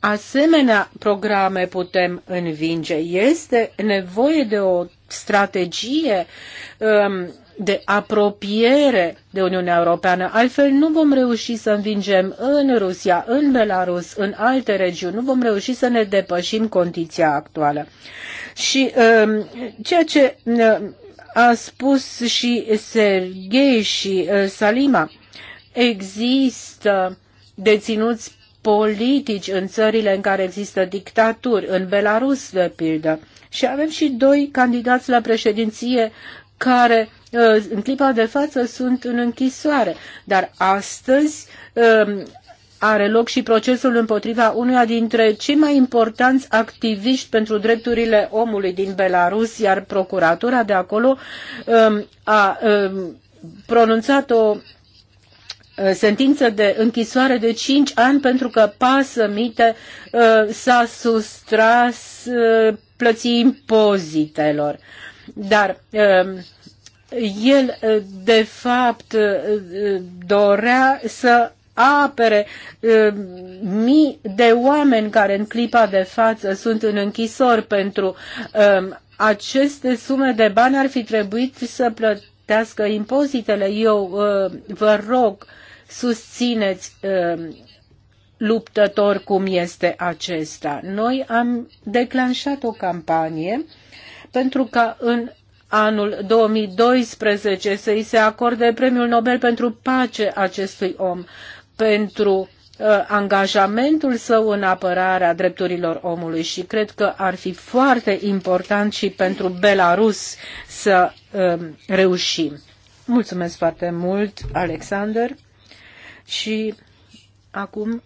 asemenea programe putem învinge. Este nevoie de o strategie um, de apropiere de Uniunea Europeană. Altfel nu vom reuși să învingem în Rusia, în Belarus, în alte regiuni, nu vom reuși să ne depășim condiția actuală. Și um, ceea ce uh, a spus și Serghei și uh, Salima, există deținuți politici în țările în care există dictaturi, în Belarus, de pildă. Și avem și doi candidați la președinție care uh, în clipa de față sunt în închisoare. Dar astăzi um, are loc și procesul împotriva unuia dintre cei mai importanți activiști pentru drepturile omului din Belarus, iar procuratura de acolo um, a um, pronunțat o uh, sentință de închisoare de 5 ani pentru că Pasămite uh, s-a sustras plății impozitelor. Dar um, el, de fapt, dorea să apere um, mii de oameni care în clipa de față sunt în închisori pentru um, aceste sume de bani ar fi trebuit să plătească impozitele. Eu vă rog, susțineți luptător cum este acesta. Noi am declanșat o campanie pentru că în anul 2012 să îi se acorde premiul Nobel pentru pace acestui om, pentru uh, angajamentul său în apărarea drepturilor omului și cred că ar fi foarte important și pentru Belarus să uh, reușim. Mulțumesc foarte mult, Alexander, și acum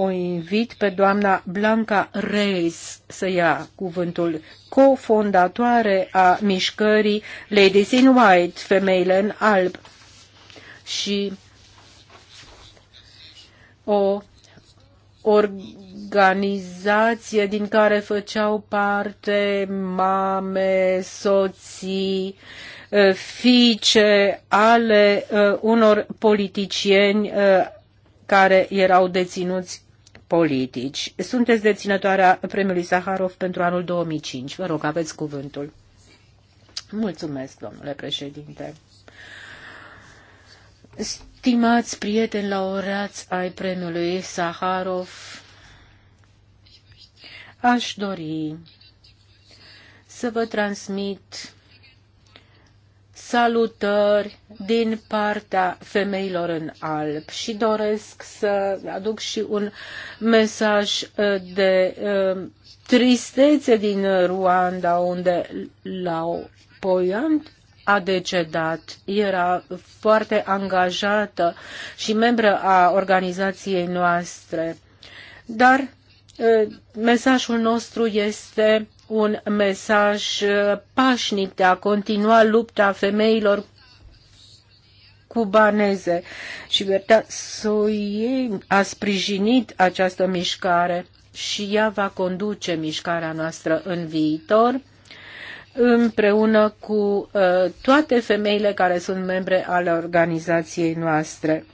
o invit pe doamna Blanca Reis să ia cuvântul, cofondatoare a mișcării Ladies in White, femeile în alb, și o organizație din care făceau parte mame, soții, eh, fiice ale eh, unor politicieni eh, care erau deținuți politici. Sunteți deținătoarea premiului Saharov pentru anul 2005. Vă rog, aveți cuvântul. Mulțumesc, domnule președinte. Stimați prieteni laureați ai premiului Saharov, aș dori să vă transmit salutări din partea femeilor în alb și doresc să aduc și un mesaj uh, de uh, tristețe din Ruanda, unde lau au Poiant a decedat, era foarte angajată și membră a organizației noastre. Dar uh, mesajul nostru este un mesaj uh, pașnic de a continua lupta femeilor cubaneze. Și Berta Soie a sprijinit această mișcare și ea va conduce mișcarea noastră în viitor împreună cu uh, toate femeile care sunt membre ale organizației noastre.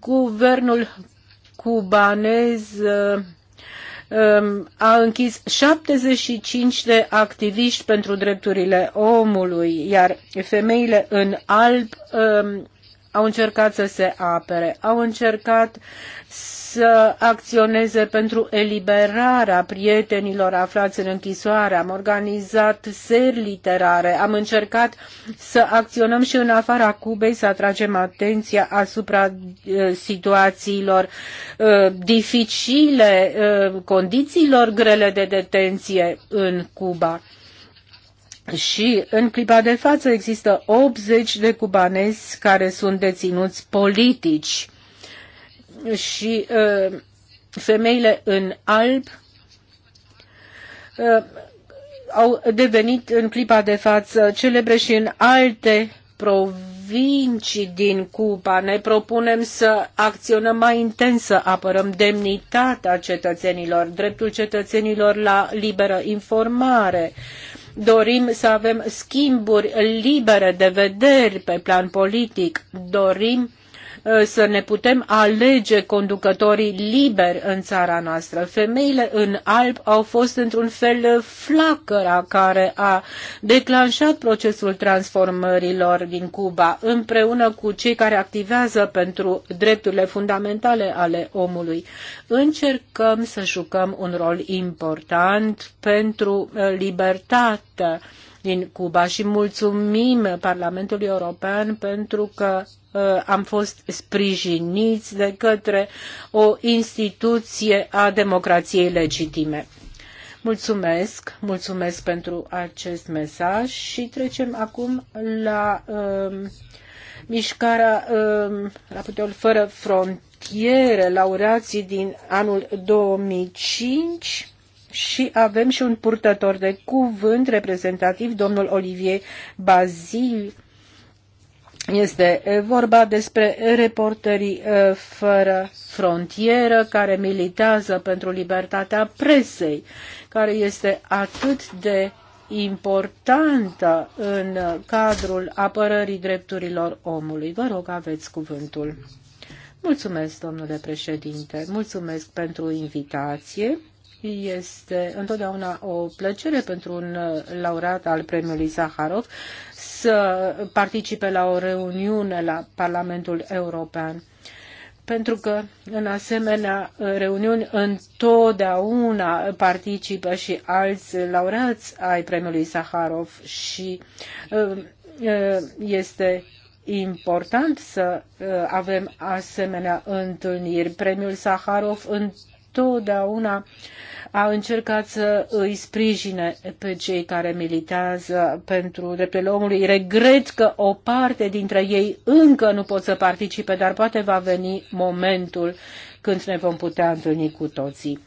Guvernul cubanez uh, Um, a închis 75 de activiști pentru drepturile omului, iar femeile în alb um, au încercat să se apere, au încercat să acționeze pentru eliberarea prietenilor aflați în închisoare. Am organizat seri literare, am încercat să acționăm și în afara Cubei, să atragem atenția asupra eh, situațiilor eh, dificile, eh, condițiilor grele de detenție în Cuba. Și în clipa de față există 80 de cubanezi care sunt deținuți politici și uh, femeile în alb uh, au devenit în clipa de față celebre și în alte provincii din Cuba. Ne propunem să acționăm mai intens, să apărăm demnitatea cetățenilor, dreptul cetățenilor la liberă informare. Dorim să avem schimburi libere de vederi pe plan politic. Dorim Eh, să ne putem alege conducătorii liberi în țara noastră. Femeile în alb au fost într-un fel eh, flacăra care a declanșat procesul transformărilor din Cuba împreună cu cei care activează pentru drepturile fundamentale ale omului. Încercăm să jucăm un rol important pentru eh, libertate din Cuba și mulțumim Parlamentului European pentru că Uh, am fost sprijiniți de către o instituție a democrației legitime. Mulțumesc, mulțumesc pentru acest mesaj și trecem acum la uh, mișcarea uh, um, Raportelor Fără Frontiere, laureații din anul 2005 și avem și un purtător de cuvânt reprezentativ, domnul Olivier Bazil este vorba despre reporterii fără frontieră care militează pentru libertatea presei, care este atât de importantă în cadrul apărării drepturilor omului. Vă rog, aveți cuvântul. Mulțumesc, domnule președinte, mulțumesc pentru invitație. Este întotdeauna o plăcere pentru un laureat al premiului Zaharov să participe la o reuniune la Parlamentul European. Pentru că în asemenea reuniuni întotdeauna participă și alți laureați ai premiului Saharov și uh, uh, este important să uh, avem asemenea întâlniri. Premiul Saharov întotdeauna a încercat să îi sprijine pe cei care militează pentru drepturile omului. Regret că o parte dintre ei încă nu pot să participe, dar poate va veni momentul când ne vom putea întâlni cu toții.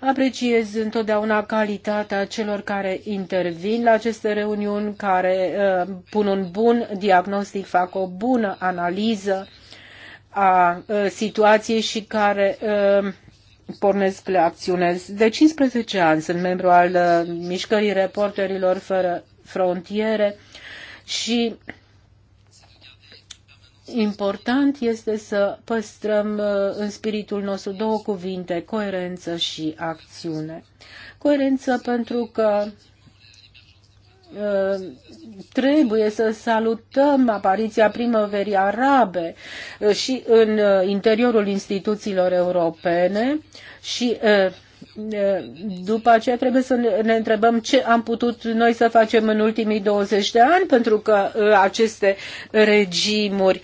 Apreciez întotdeauna calitatea celor care intervin la aceste reuniuni, care uh, pun un bun diagnostic, fac o bună analiză a uh, situației și care uh, pornesc le acțiune. De 15 ani sunt membru al uh, mișcării reporterilor fără frontiere și important este să păstrăm uh, în spiritul nostru două cuvinte, coerență și acțiune. Coerență pentru că Uh, trebuie să salutăm apariția primăverii arabe uh, și în uh, interiorul instituțiilor europene și după aceea trebuie să ne întrebăm ce am putut noi să facem în ultimii 20 de ani, pentru că aceste regimuri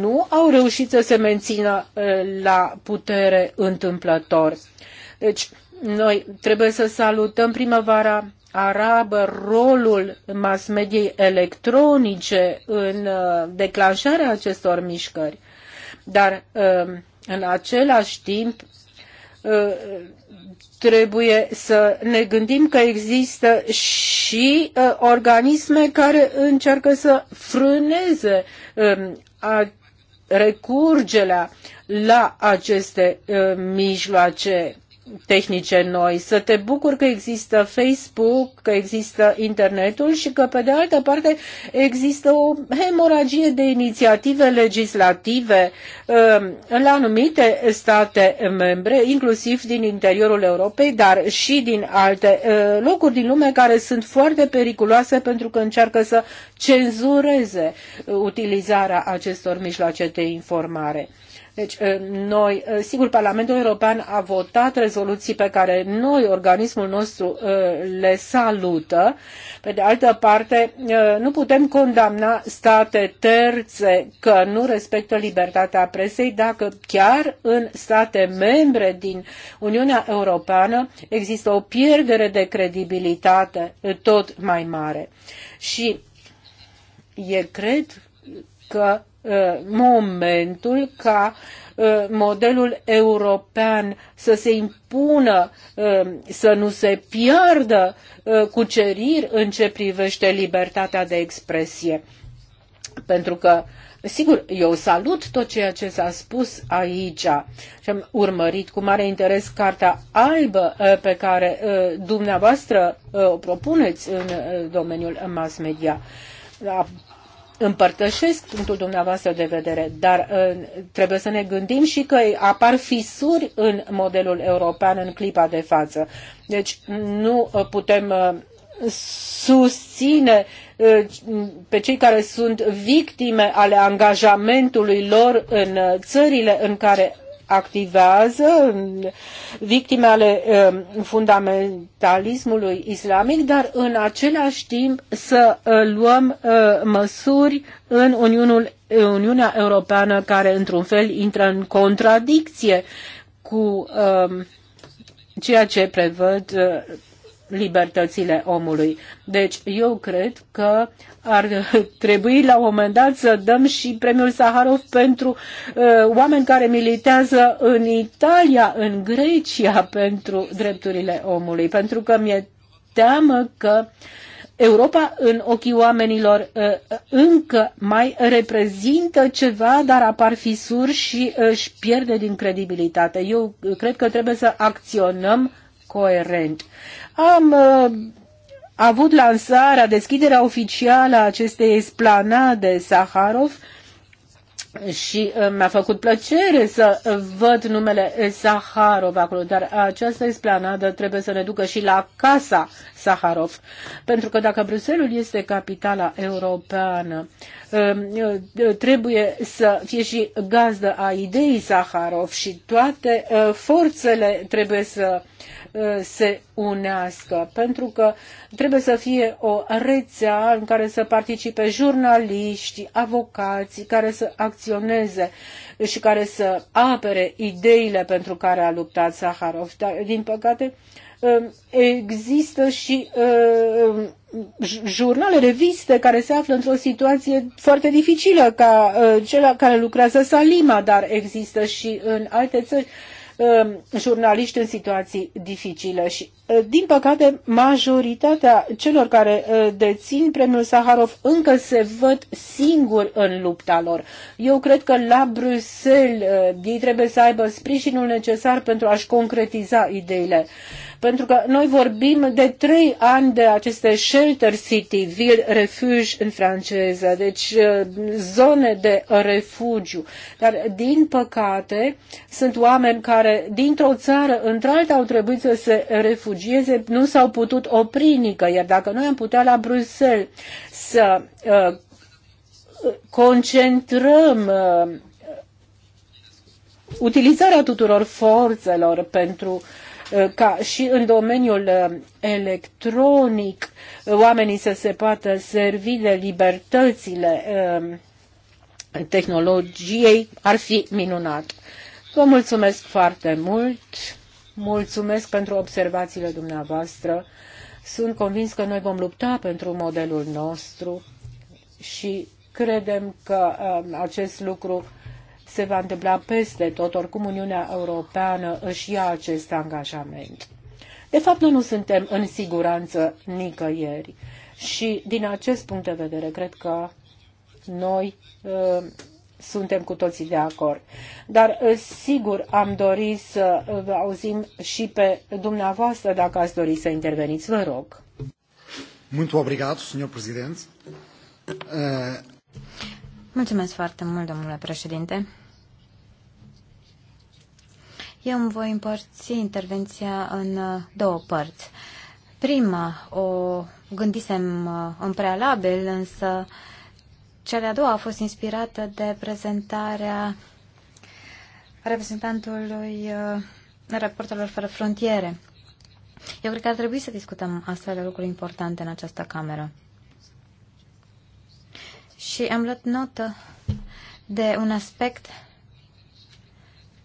nu au reușit să se mențină la putere întâmplător. Deci, noi trebuie să salutăm primăvara arabă rolul mass mediei electronice în uh, declanșarea acestor mișcări. Dar um, în același timp uh, trebuie să ne gândim că există și uh, organisme care încearcă să frâneze um, recurgerea la aceste mijloace tehnice noi, să te bucuri că există Facebook, că există internetul și că, pe de altă parte, există o hemoragie de inițiative legislative um, la anumite state membre, inclusiv din interiorul Europei, dar și din alte uh, locuri din lume care sunt foarte periculoase pentru că încearcă să cenzureze utilizarea acestor mijloace de informare. Deci, uh, noi, uh, sigur, Parlamentul European a votat rezoluții pe care noi, organismul nostru, uh, le salută. Pe de altă parte, nu putem condamna state terțe că nu respectă libertatea presei dacă chiar în state membre din Uniunea Europeană există o pierdere de credibilitate tot mai mare. Și eu cred că Uh, momentul ca uh, modelul european să se impună, uh, să nu se piardă cuceriri în ce privește libertatea de expresie. Pentru că Sigur, eu salut tot ceea ce s-a spus aici și am urmărit cu mare interes cartea albă pe care dumneavoastră o propuneți în domeniul mass media împărtășesc punctul dumneavoastră de vedere, dar uh, trebuie să ne gândim și că apar fisuri în modelul european în clipa de față. Deci nu uh, putem uh, susține pe cei care sunt victime ale angajamentului lor în țările în care activează victime ale um, fundamentalismului islamic, dar în același timp să uh, luăm uh, măsuri în Uniunul, uh, Uniunea Europeană care într-un fel intră în contradicție cu um, ceea ce prevăd libertățile omului. Deci eu cred că ar <laughs> trebui la un moment dat să dăm și premiul Saharov pentru uh, oameni care militează în Italia, în Grecia <laughs> pentru drepturile omului, pentru că mi-e teamă că Europa în ochii oamenilor uh, încă mai reprezintă ceva, dar apar fisuri și uh, își pierde din credibilitate. Eu cred că trebuie să acționăm coerent. Am uh, avut lansarea, deschiderea oficială a acestei esplanade Saharov și uh, mi-a făcut plăcere să văd numele Saharov acolo, dar această esplanadă trebuie să ne ducă și la casa Saharov, pentru că dacă Bruselul este capitala europeană, um, uh, trebuie să fie și gazdă a ideii Saharov și toate forțele trebuie să Uh, se unească, pentru că trebuie să fie o rețea în care să participe jurnaliști, avocați, care să acționeze și care să apere ideile pentru care a luptat Saharov. Dar, din păcate, um, există și um, jurnale, reviste care se află într-o situație foarte dificilă ca uh, cel care lucrează Salima, dar există și în alte țări Um, jurnaliști în situații dificile și, uh, din păcate, majoritatea celor care uh, dețin premiul Saharov încă se văd singuri în lupta lor. Eu cred că la Bruxelles uh, ei trebuie să aibă sprijinul necesar pentru a-și concretiza ideile. Pentru că noi vorbim de trei ani de aceste shelter city, ville refuge în franceză, deci uh, zone de refugiu. Dar, din păcate, sunt oameni care dintr-o țară într-alta au trebuit să se refugieze, nu s-au putut opri nicăieri. Dacă noi am putea la Bruxelles să uh, concentrăm uh, utilizarea tuturor forțelor pentru Eh, ca și în domeniul eh, electronic eh, oamenii să se poată servi de libertățile tehnologiei, ar fi minunat. Vă mulțumesc foarte mult, mulțumesc pentru observațiile dumneavoastră. Sunt convins că noi vom lupta pentru modelul nostru și credem că acest lucru se va întâmpla peste tot, oricum Uniunea Europeană își ia acest angajament. De fapt, noi nu suntem în siguranță nicăieri și din acest punct de vedere cred că noi uh, suntem cu toții de acord. Dar ă, sigur am dorit să vă auzim și pe dumneavoastră dacă ați dori să interveniți. Vă rog. Mult obrigat, senhor presidente. Uh... Mulțumesc foarte mult, domnule președinte. Eu îmi voi împărți intervenția în uh, două părți. Prima o gândisem uh, în prealabil, însă cea de-a doua a fost inspirată de prezentarea reprezentantului uh, Reporterilor Fără Frontiere. Eu cred că ar trebui să discutăm astfel de lucruri importante în această cameră. Și am luat notă de un aspect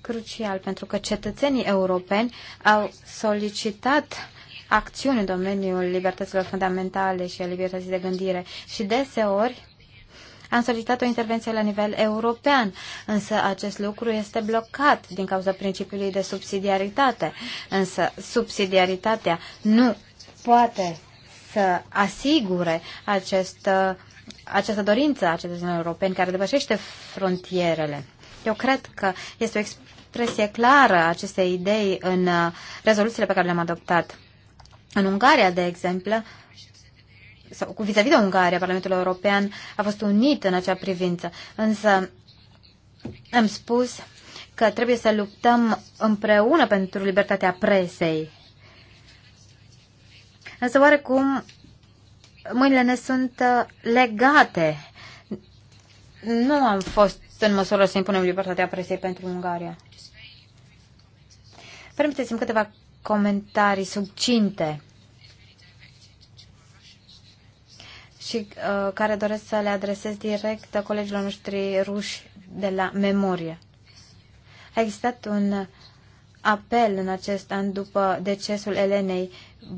crucial pentru că cetățenii europeni au solicitat acțiuni în domeniul libertăților fundamentale și a libertății de gândire și deseori am solicitat o intervenție la nivel european, însă acest lucru este blocat din cauza principiului de subsidiaritate. Însă subsidiaritatea nu poate să asigure acest, această dorință a cetățenilor europeni care depășește frontierele. Eu cred că este o expresie clară a acestei idei în uh, rezoluțiile pe care le-am adoptat. În Ungaria, de exemplu, sau cu vis-a-vis -vis de Ungaria, Parlamentul European a fost unit în acea privință. Însă am spus că trebuie să luptăm împreună pentru libertatea presei. Însă oarecum mâinile ne sunt uh, legate. Nu am fost în măsură să impunem libertatea presei pentru Ungaria. Permiteți-mi câteva comentarii subcinte și uh, care doresc să le adresez direct colegilor noștri ruși de la memorie. A existat un apel în acest an după decesul Elenei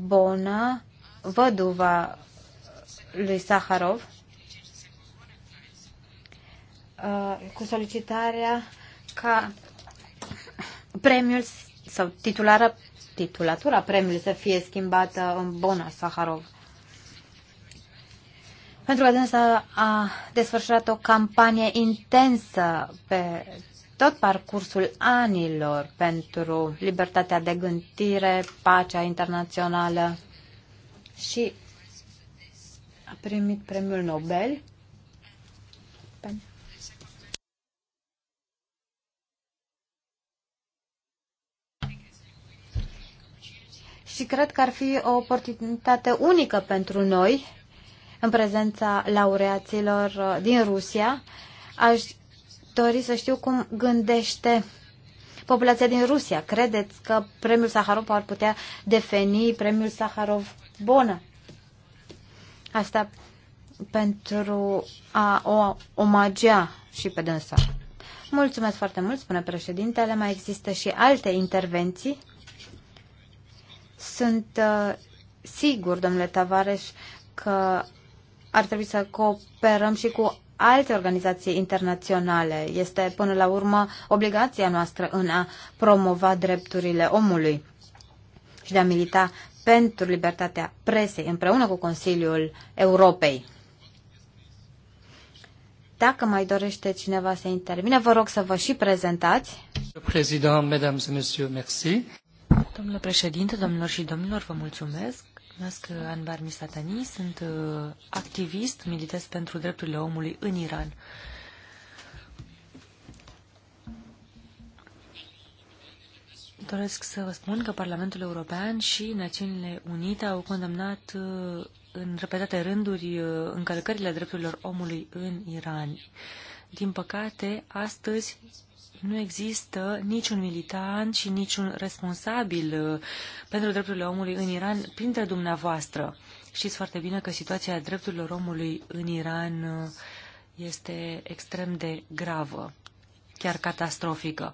Bona, văduva lui Saharov, Uh, cu solicitarea ca premiul sau titulară, titulatura premiului să fie schimbată în bona Saharov. Pentru că dânsa a desfășurat o campanie intensă pe tot parcursul anilor pentru libertatea de gândire, pacea internațională și a primit premiul Nobel și cred că ar fi o oportunitate unică pentru noi, în prezența laureaților uh, din Rusia. Aș dori să știu cum gândește populația din Rusia. Credeți că premiul Saharov ar putea defini premiul Saharov bună? Asta pentru a o omagia și pe dânsa. Mulțumesc foarte mult, spune președintele. Mai există și alte intervenții. Sunt uh, sigur, domnule Tavares, că ar trebui să cooperăm și cu alte organizații internaționale. Este, până la urmă, obligația noastră în a promova drepturile omului și de a milita pentru libertatea presei împreună cu Consiliul Europei. Dacă mai dorește cineva să intervine, vă rog să vă și prezentați. Președinte, mesdames et messieurs, merci. Domnule președinte, domnilor și domnilor, vă mulțumesc. Numesc uh, Anbar Misatani, sunt uh, activist, militez pentru drepturile omului în Iran. Doresc să vă spun că Parlamentul European și Națiunile Unite au condamnat uh, în repetate rânduri încălcările drepturilor omului în Iran. Din păcate, astăzi nu există niciun militant și niciun responsabil uh, pentru drepturile omului în Iran printre dumneavoastră. Știți foarte bine că situația drepturilor omului în Iran uh, este extrem de gravă, chiar catastrofică.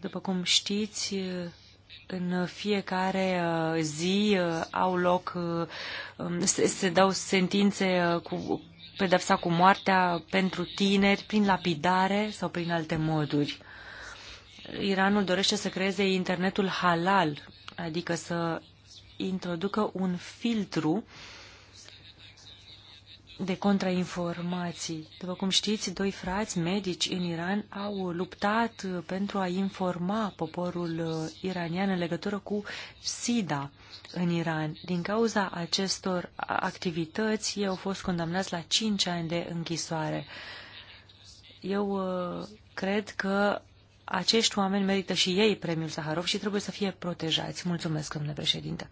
După cum știți, uh, în fiecare zi au loc, um, se, se dau sentințe cu pedepsa cu moartea pentru tineri prin lapidare sau prin alte moduri. Iranul dorește să creeze internetul halal, adică să introducă un filtru de contrainformații. După cum știți, doi frați medici în Iran au luptat pentru a informa poporul uh, iranian în legătură cu SIDA în Iran. Din cauza acestor activități, ei au fost condamnați la 5 ani de închisoare. Eu uh, cred că acești oameni merită și ei premiul Saharov și trebuie să fie protejați. Mulțumesc, domnule președinte.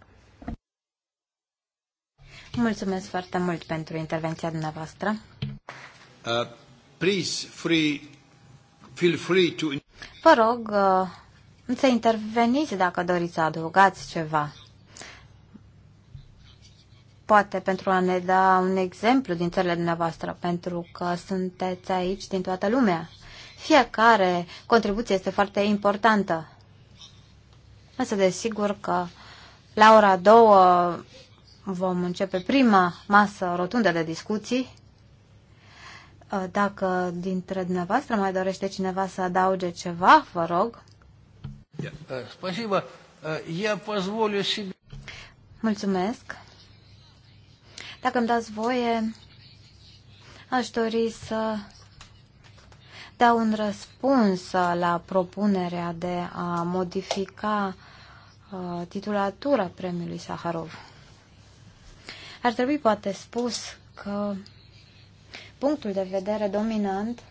Mulțumesc foarte mult pentru intervenția dumneavoastră. Uh, please, free, feel free to... Vă rog uh, să interveniți dacă doriți să adăugați ceva poate pentru a ne da un exemplu din țările dumneavoastră, pentru că sunteți aici din toată lumea. Fiecare contribuție este foarte importantă. Însă, desigur că la ora două vom începe prima masă rotundă de discuții. Dacă dintre dumneavoastră mai dorește cineva să adauge ceva, vă rog. Uh, uh, Mulțumesc. Dacă îmi dați voie, aș dori să dau un răspuns la propunerea de a modifica uh, titulatura premiului Saharov. Ar trebui poate spus că punctul de vedere dominant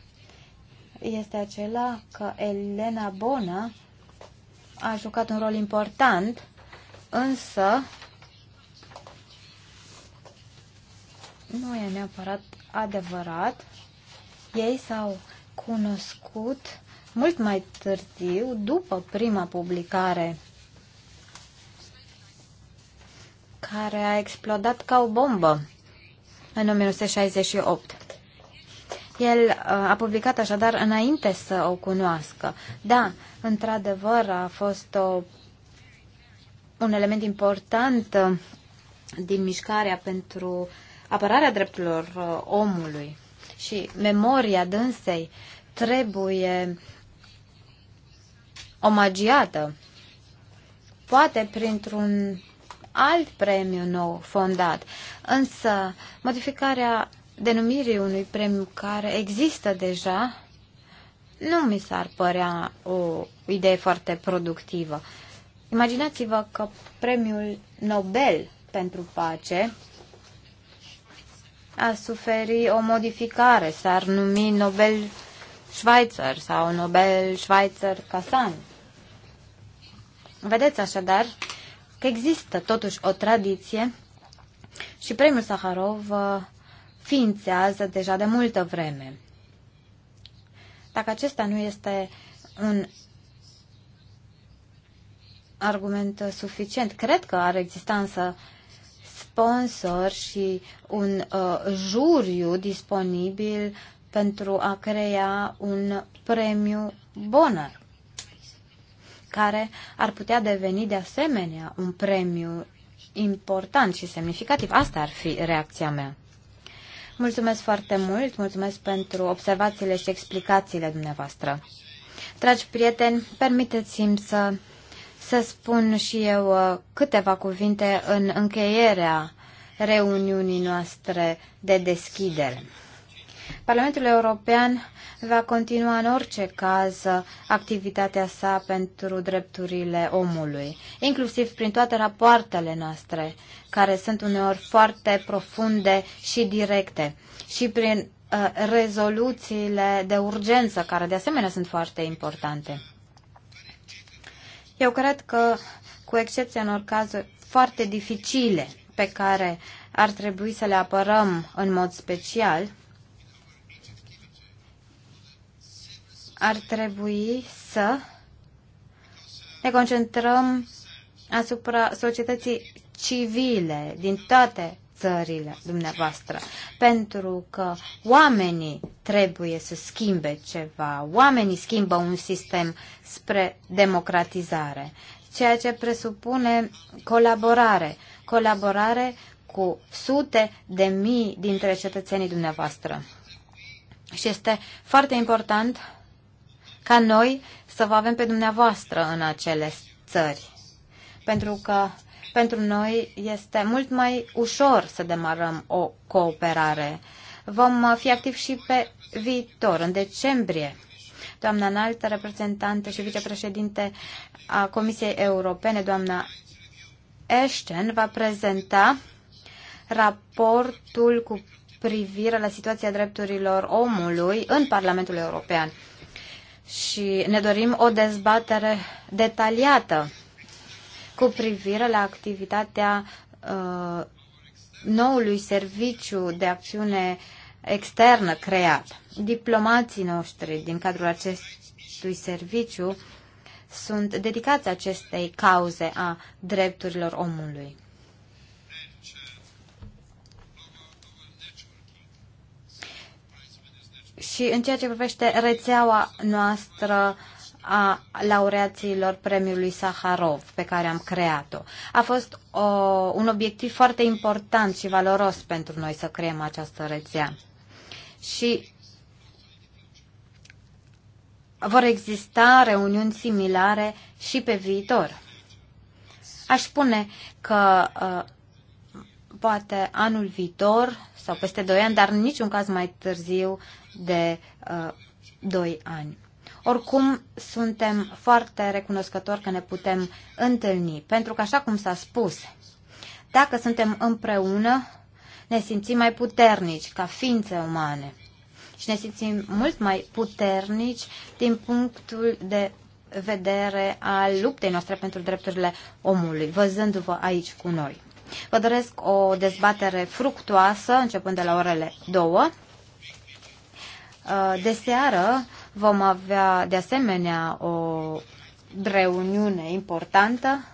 este acela că Elena Bona a jucat un rol important, însă nu e neapărat adevărat. Ei s-au cunoscut mult mai târziu, după prima publicare care a explodat ca o bombă în 1968. El uh, a publicat așadar înainte să o cunoască. Da, într-adevăr a fost o, un element important uh, din mișcarea pentru apărarea drepturilor uh, omului și memoria dânsei trebuie omagiată, poate printr-un alt premiu nou fondat. Însă, modificarea denumirii unui premiu care există deja nu mi s-ar părea o idee foarte productivă. Imaginați-vă că premiul Nobel pentru pace a suferi o modificare, s-ar numi Nobel Schweitzer sau Nobel Schweitzer Casan. Vedeți așadar că există totuși o tradiție și premiul Saharov uh, ființează deja de multă vreme. Dacă acesta nu este un argument suficient, cred că ar exista însă sponsor și un uh, juriu disponibil pentru a crea un premiu bonar, care ar putea deveni de asemenea un premiu important și semnificativ. Asta ar fi reacția mea. Mulțumesc foarte mult, mulțumesc pentru observațiile și explicațiile dumneavoastră. Dragi prieteni, permiteți-mi să să spun și eu uh, câteva cuvinte în încheierea reuniunii noastre de deschidere. Parlamentul European va continua în orice caz uh, activitatea sa pentru drepturile omului, inclusiv prin toate rapoartele noastre, care sunt uneori foarte profunde și directe, și prin uh, rezoluțiile de urgență, care de asemenea sunt foarte importante. Eu cred că, cu excepția unor cazuri foarte dificile pe care ar trebui să le apărăm în mod special, ar trebui să ne concentrăm asupra societății civile din toate țările dumneavoastră, pentru că oamenii trebuie să schimbe ceva, oamenii schimbă un sistem spre democratizare, ceea ce presupune colaborare, colaborare cu sute de mii dintre cetățenii dumneavoastră. Și este foarte important ca noi să vă avem pe dumneavoastră în acele țări. Pentru că pentru noi este mult mai ușor să demarăm o cooperare. Vom uh, fi activi și pe viitor, în decembrie. Doamna înaltă reprezentantă și vicepreședinte a Comisiei Europene, doamna Ashton, va prezenta raportul cu privire la situația drepturilor omului în Parlamentul European. Și ne dorim o dezbatere detaliată cu privire la activitatea uh, noului serviciu de acțiune externă creat. Diplomații noștri din cadrul acestui serviciu sunt dedicați acestei cauze a drepturilor omului. Și în ceea ce privește rețeaua noastră uh, a laureaților premiului Saharov pe care am creat-o. A fost o, un obiectiv foarte important și valoros pentru noi să creăm această rețea. Și vor exista reuniuni similare și pe viitor. Aș spune că ă, poate anul viitor sau peste 2 ani, dar în niciun caz mai târziu de uh, ă, 2 ani. Oricum, suntem foarte recunoscători că ne putem întâlni, pentru că, așa cum s-a spus, dacă suntem împreună, ne simțim mai puternici ca ființe umane și ne simțim mult mai puternici din punctul de vedere al luptei noastre pentru drepturile omului, văzându-vă aici cu noi. Vă doresc o dezbatere fructoasă, începând de la orele 2. Uh, de seară Vom avea de asemenea o reuniune importantă.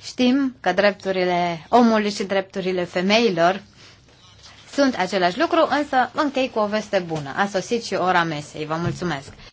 Știm că drepturile omului și drepturile femeilor sunt același lucru, însă închei cu o veste bună. A sosit și ora mesei. Vă mulțumesc!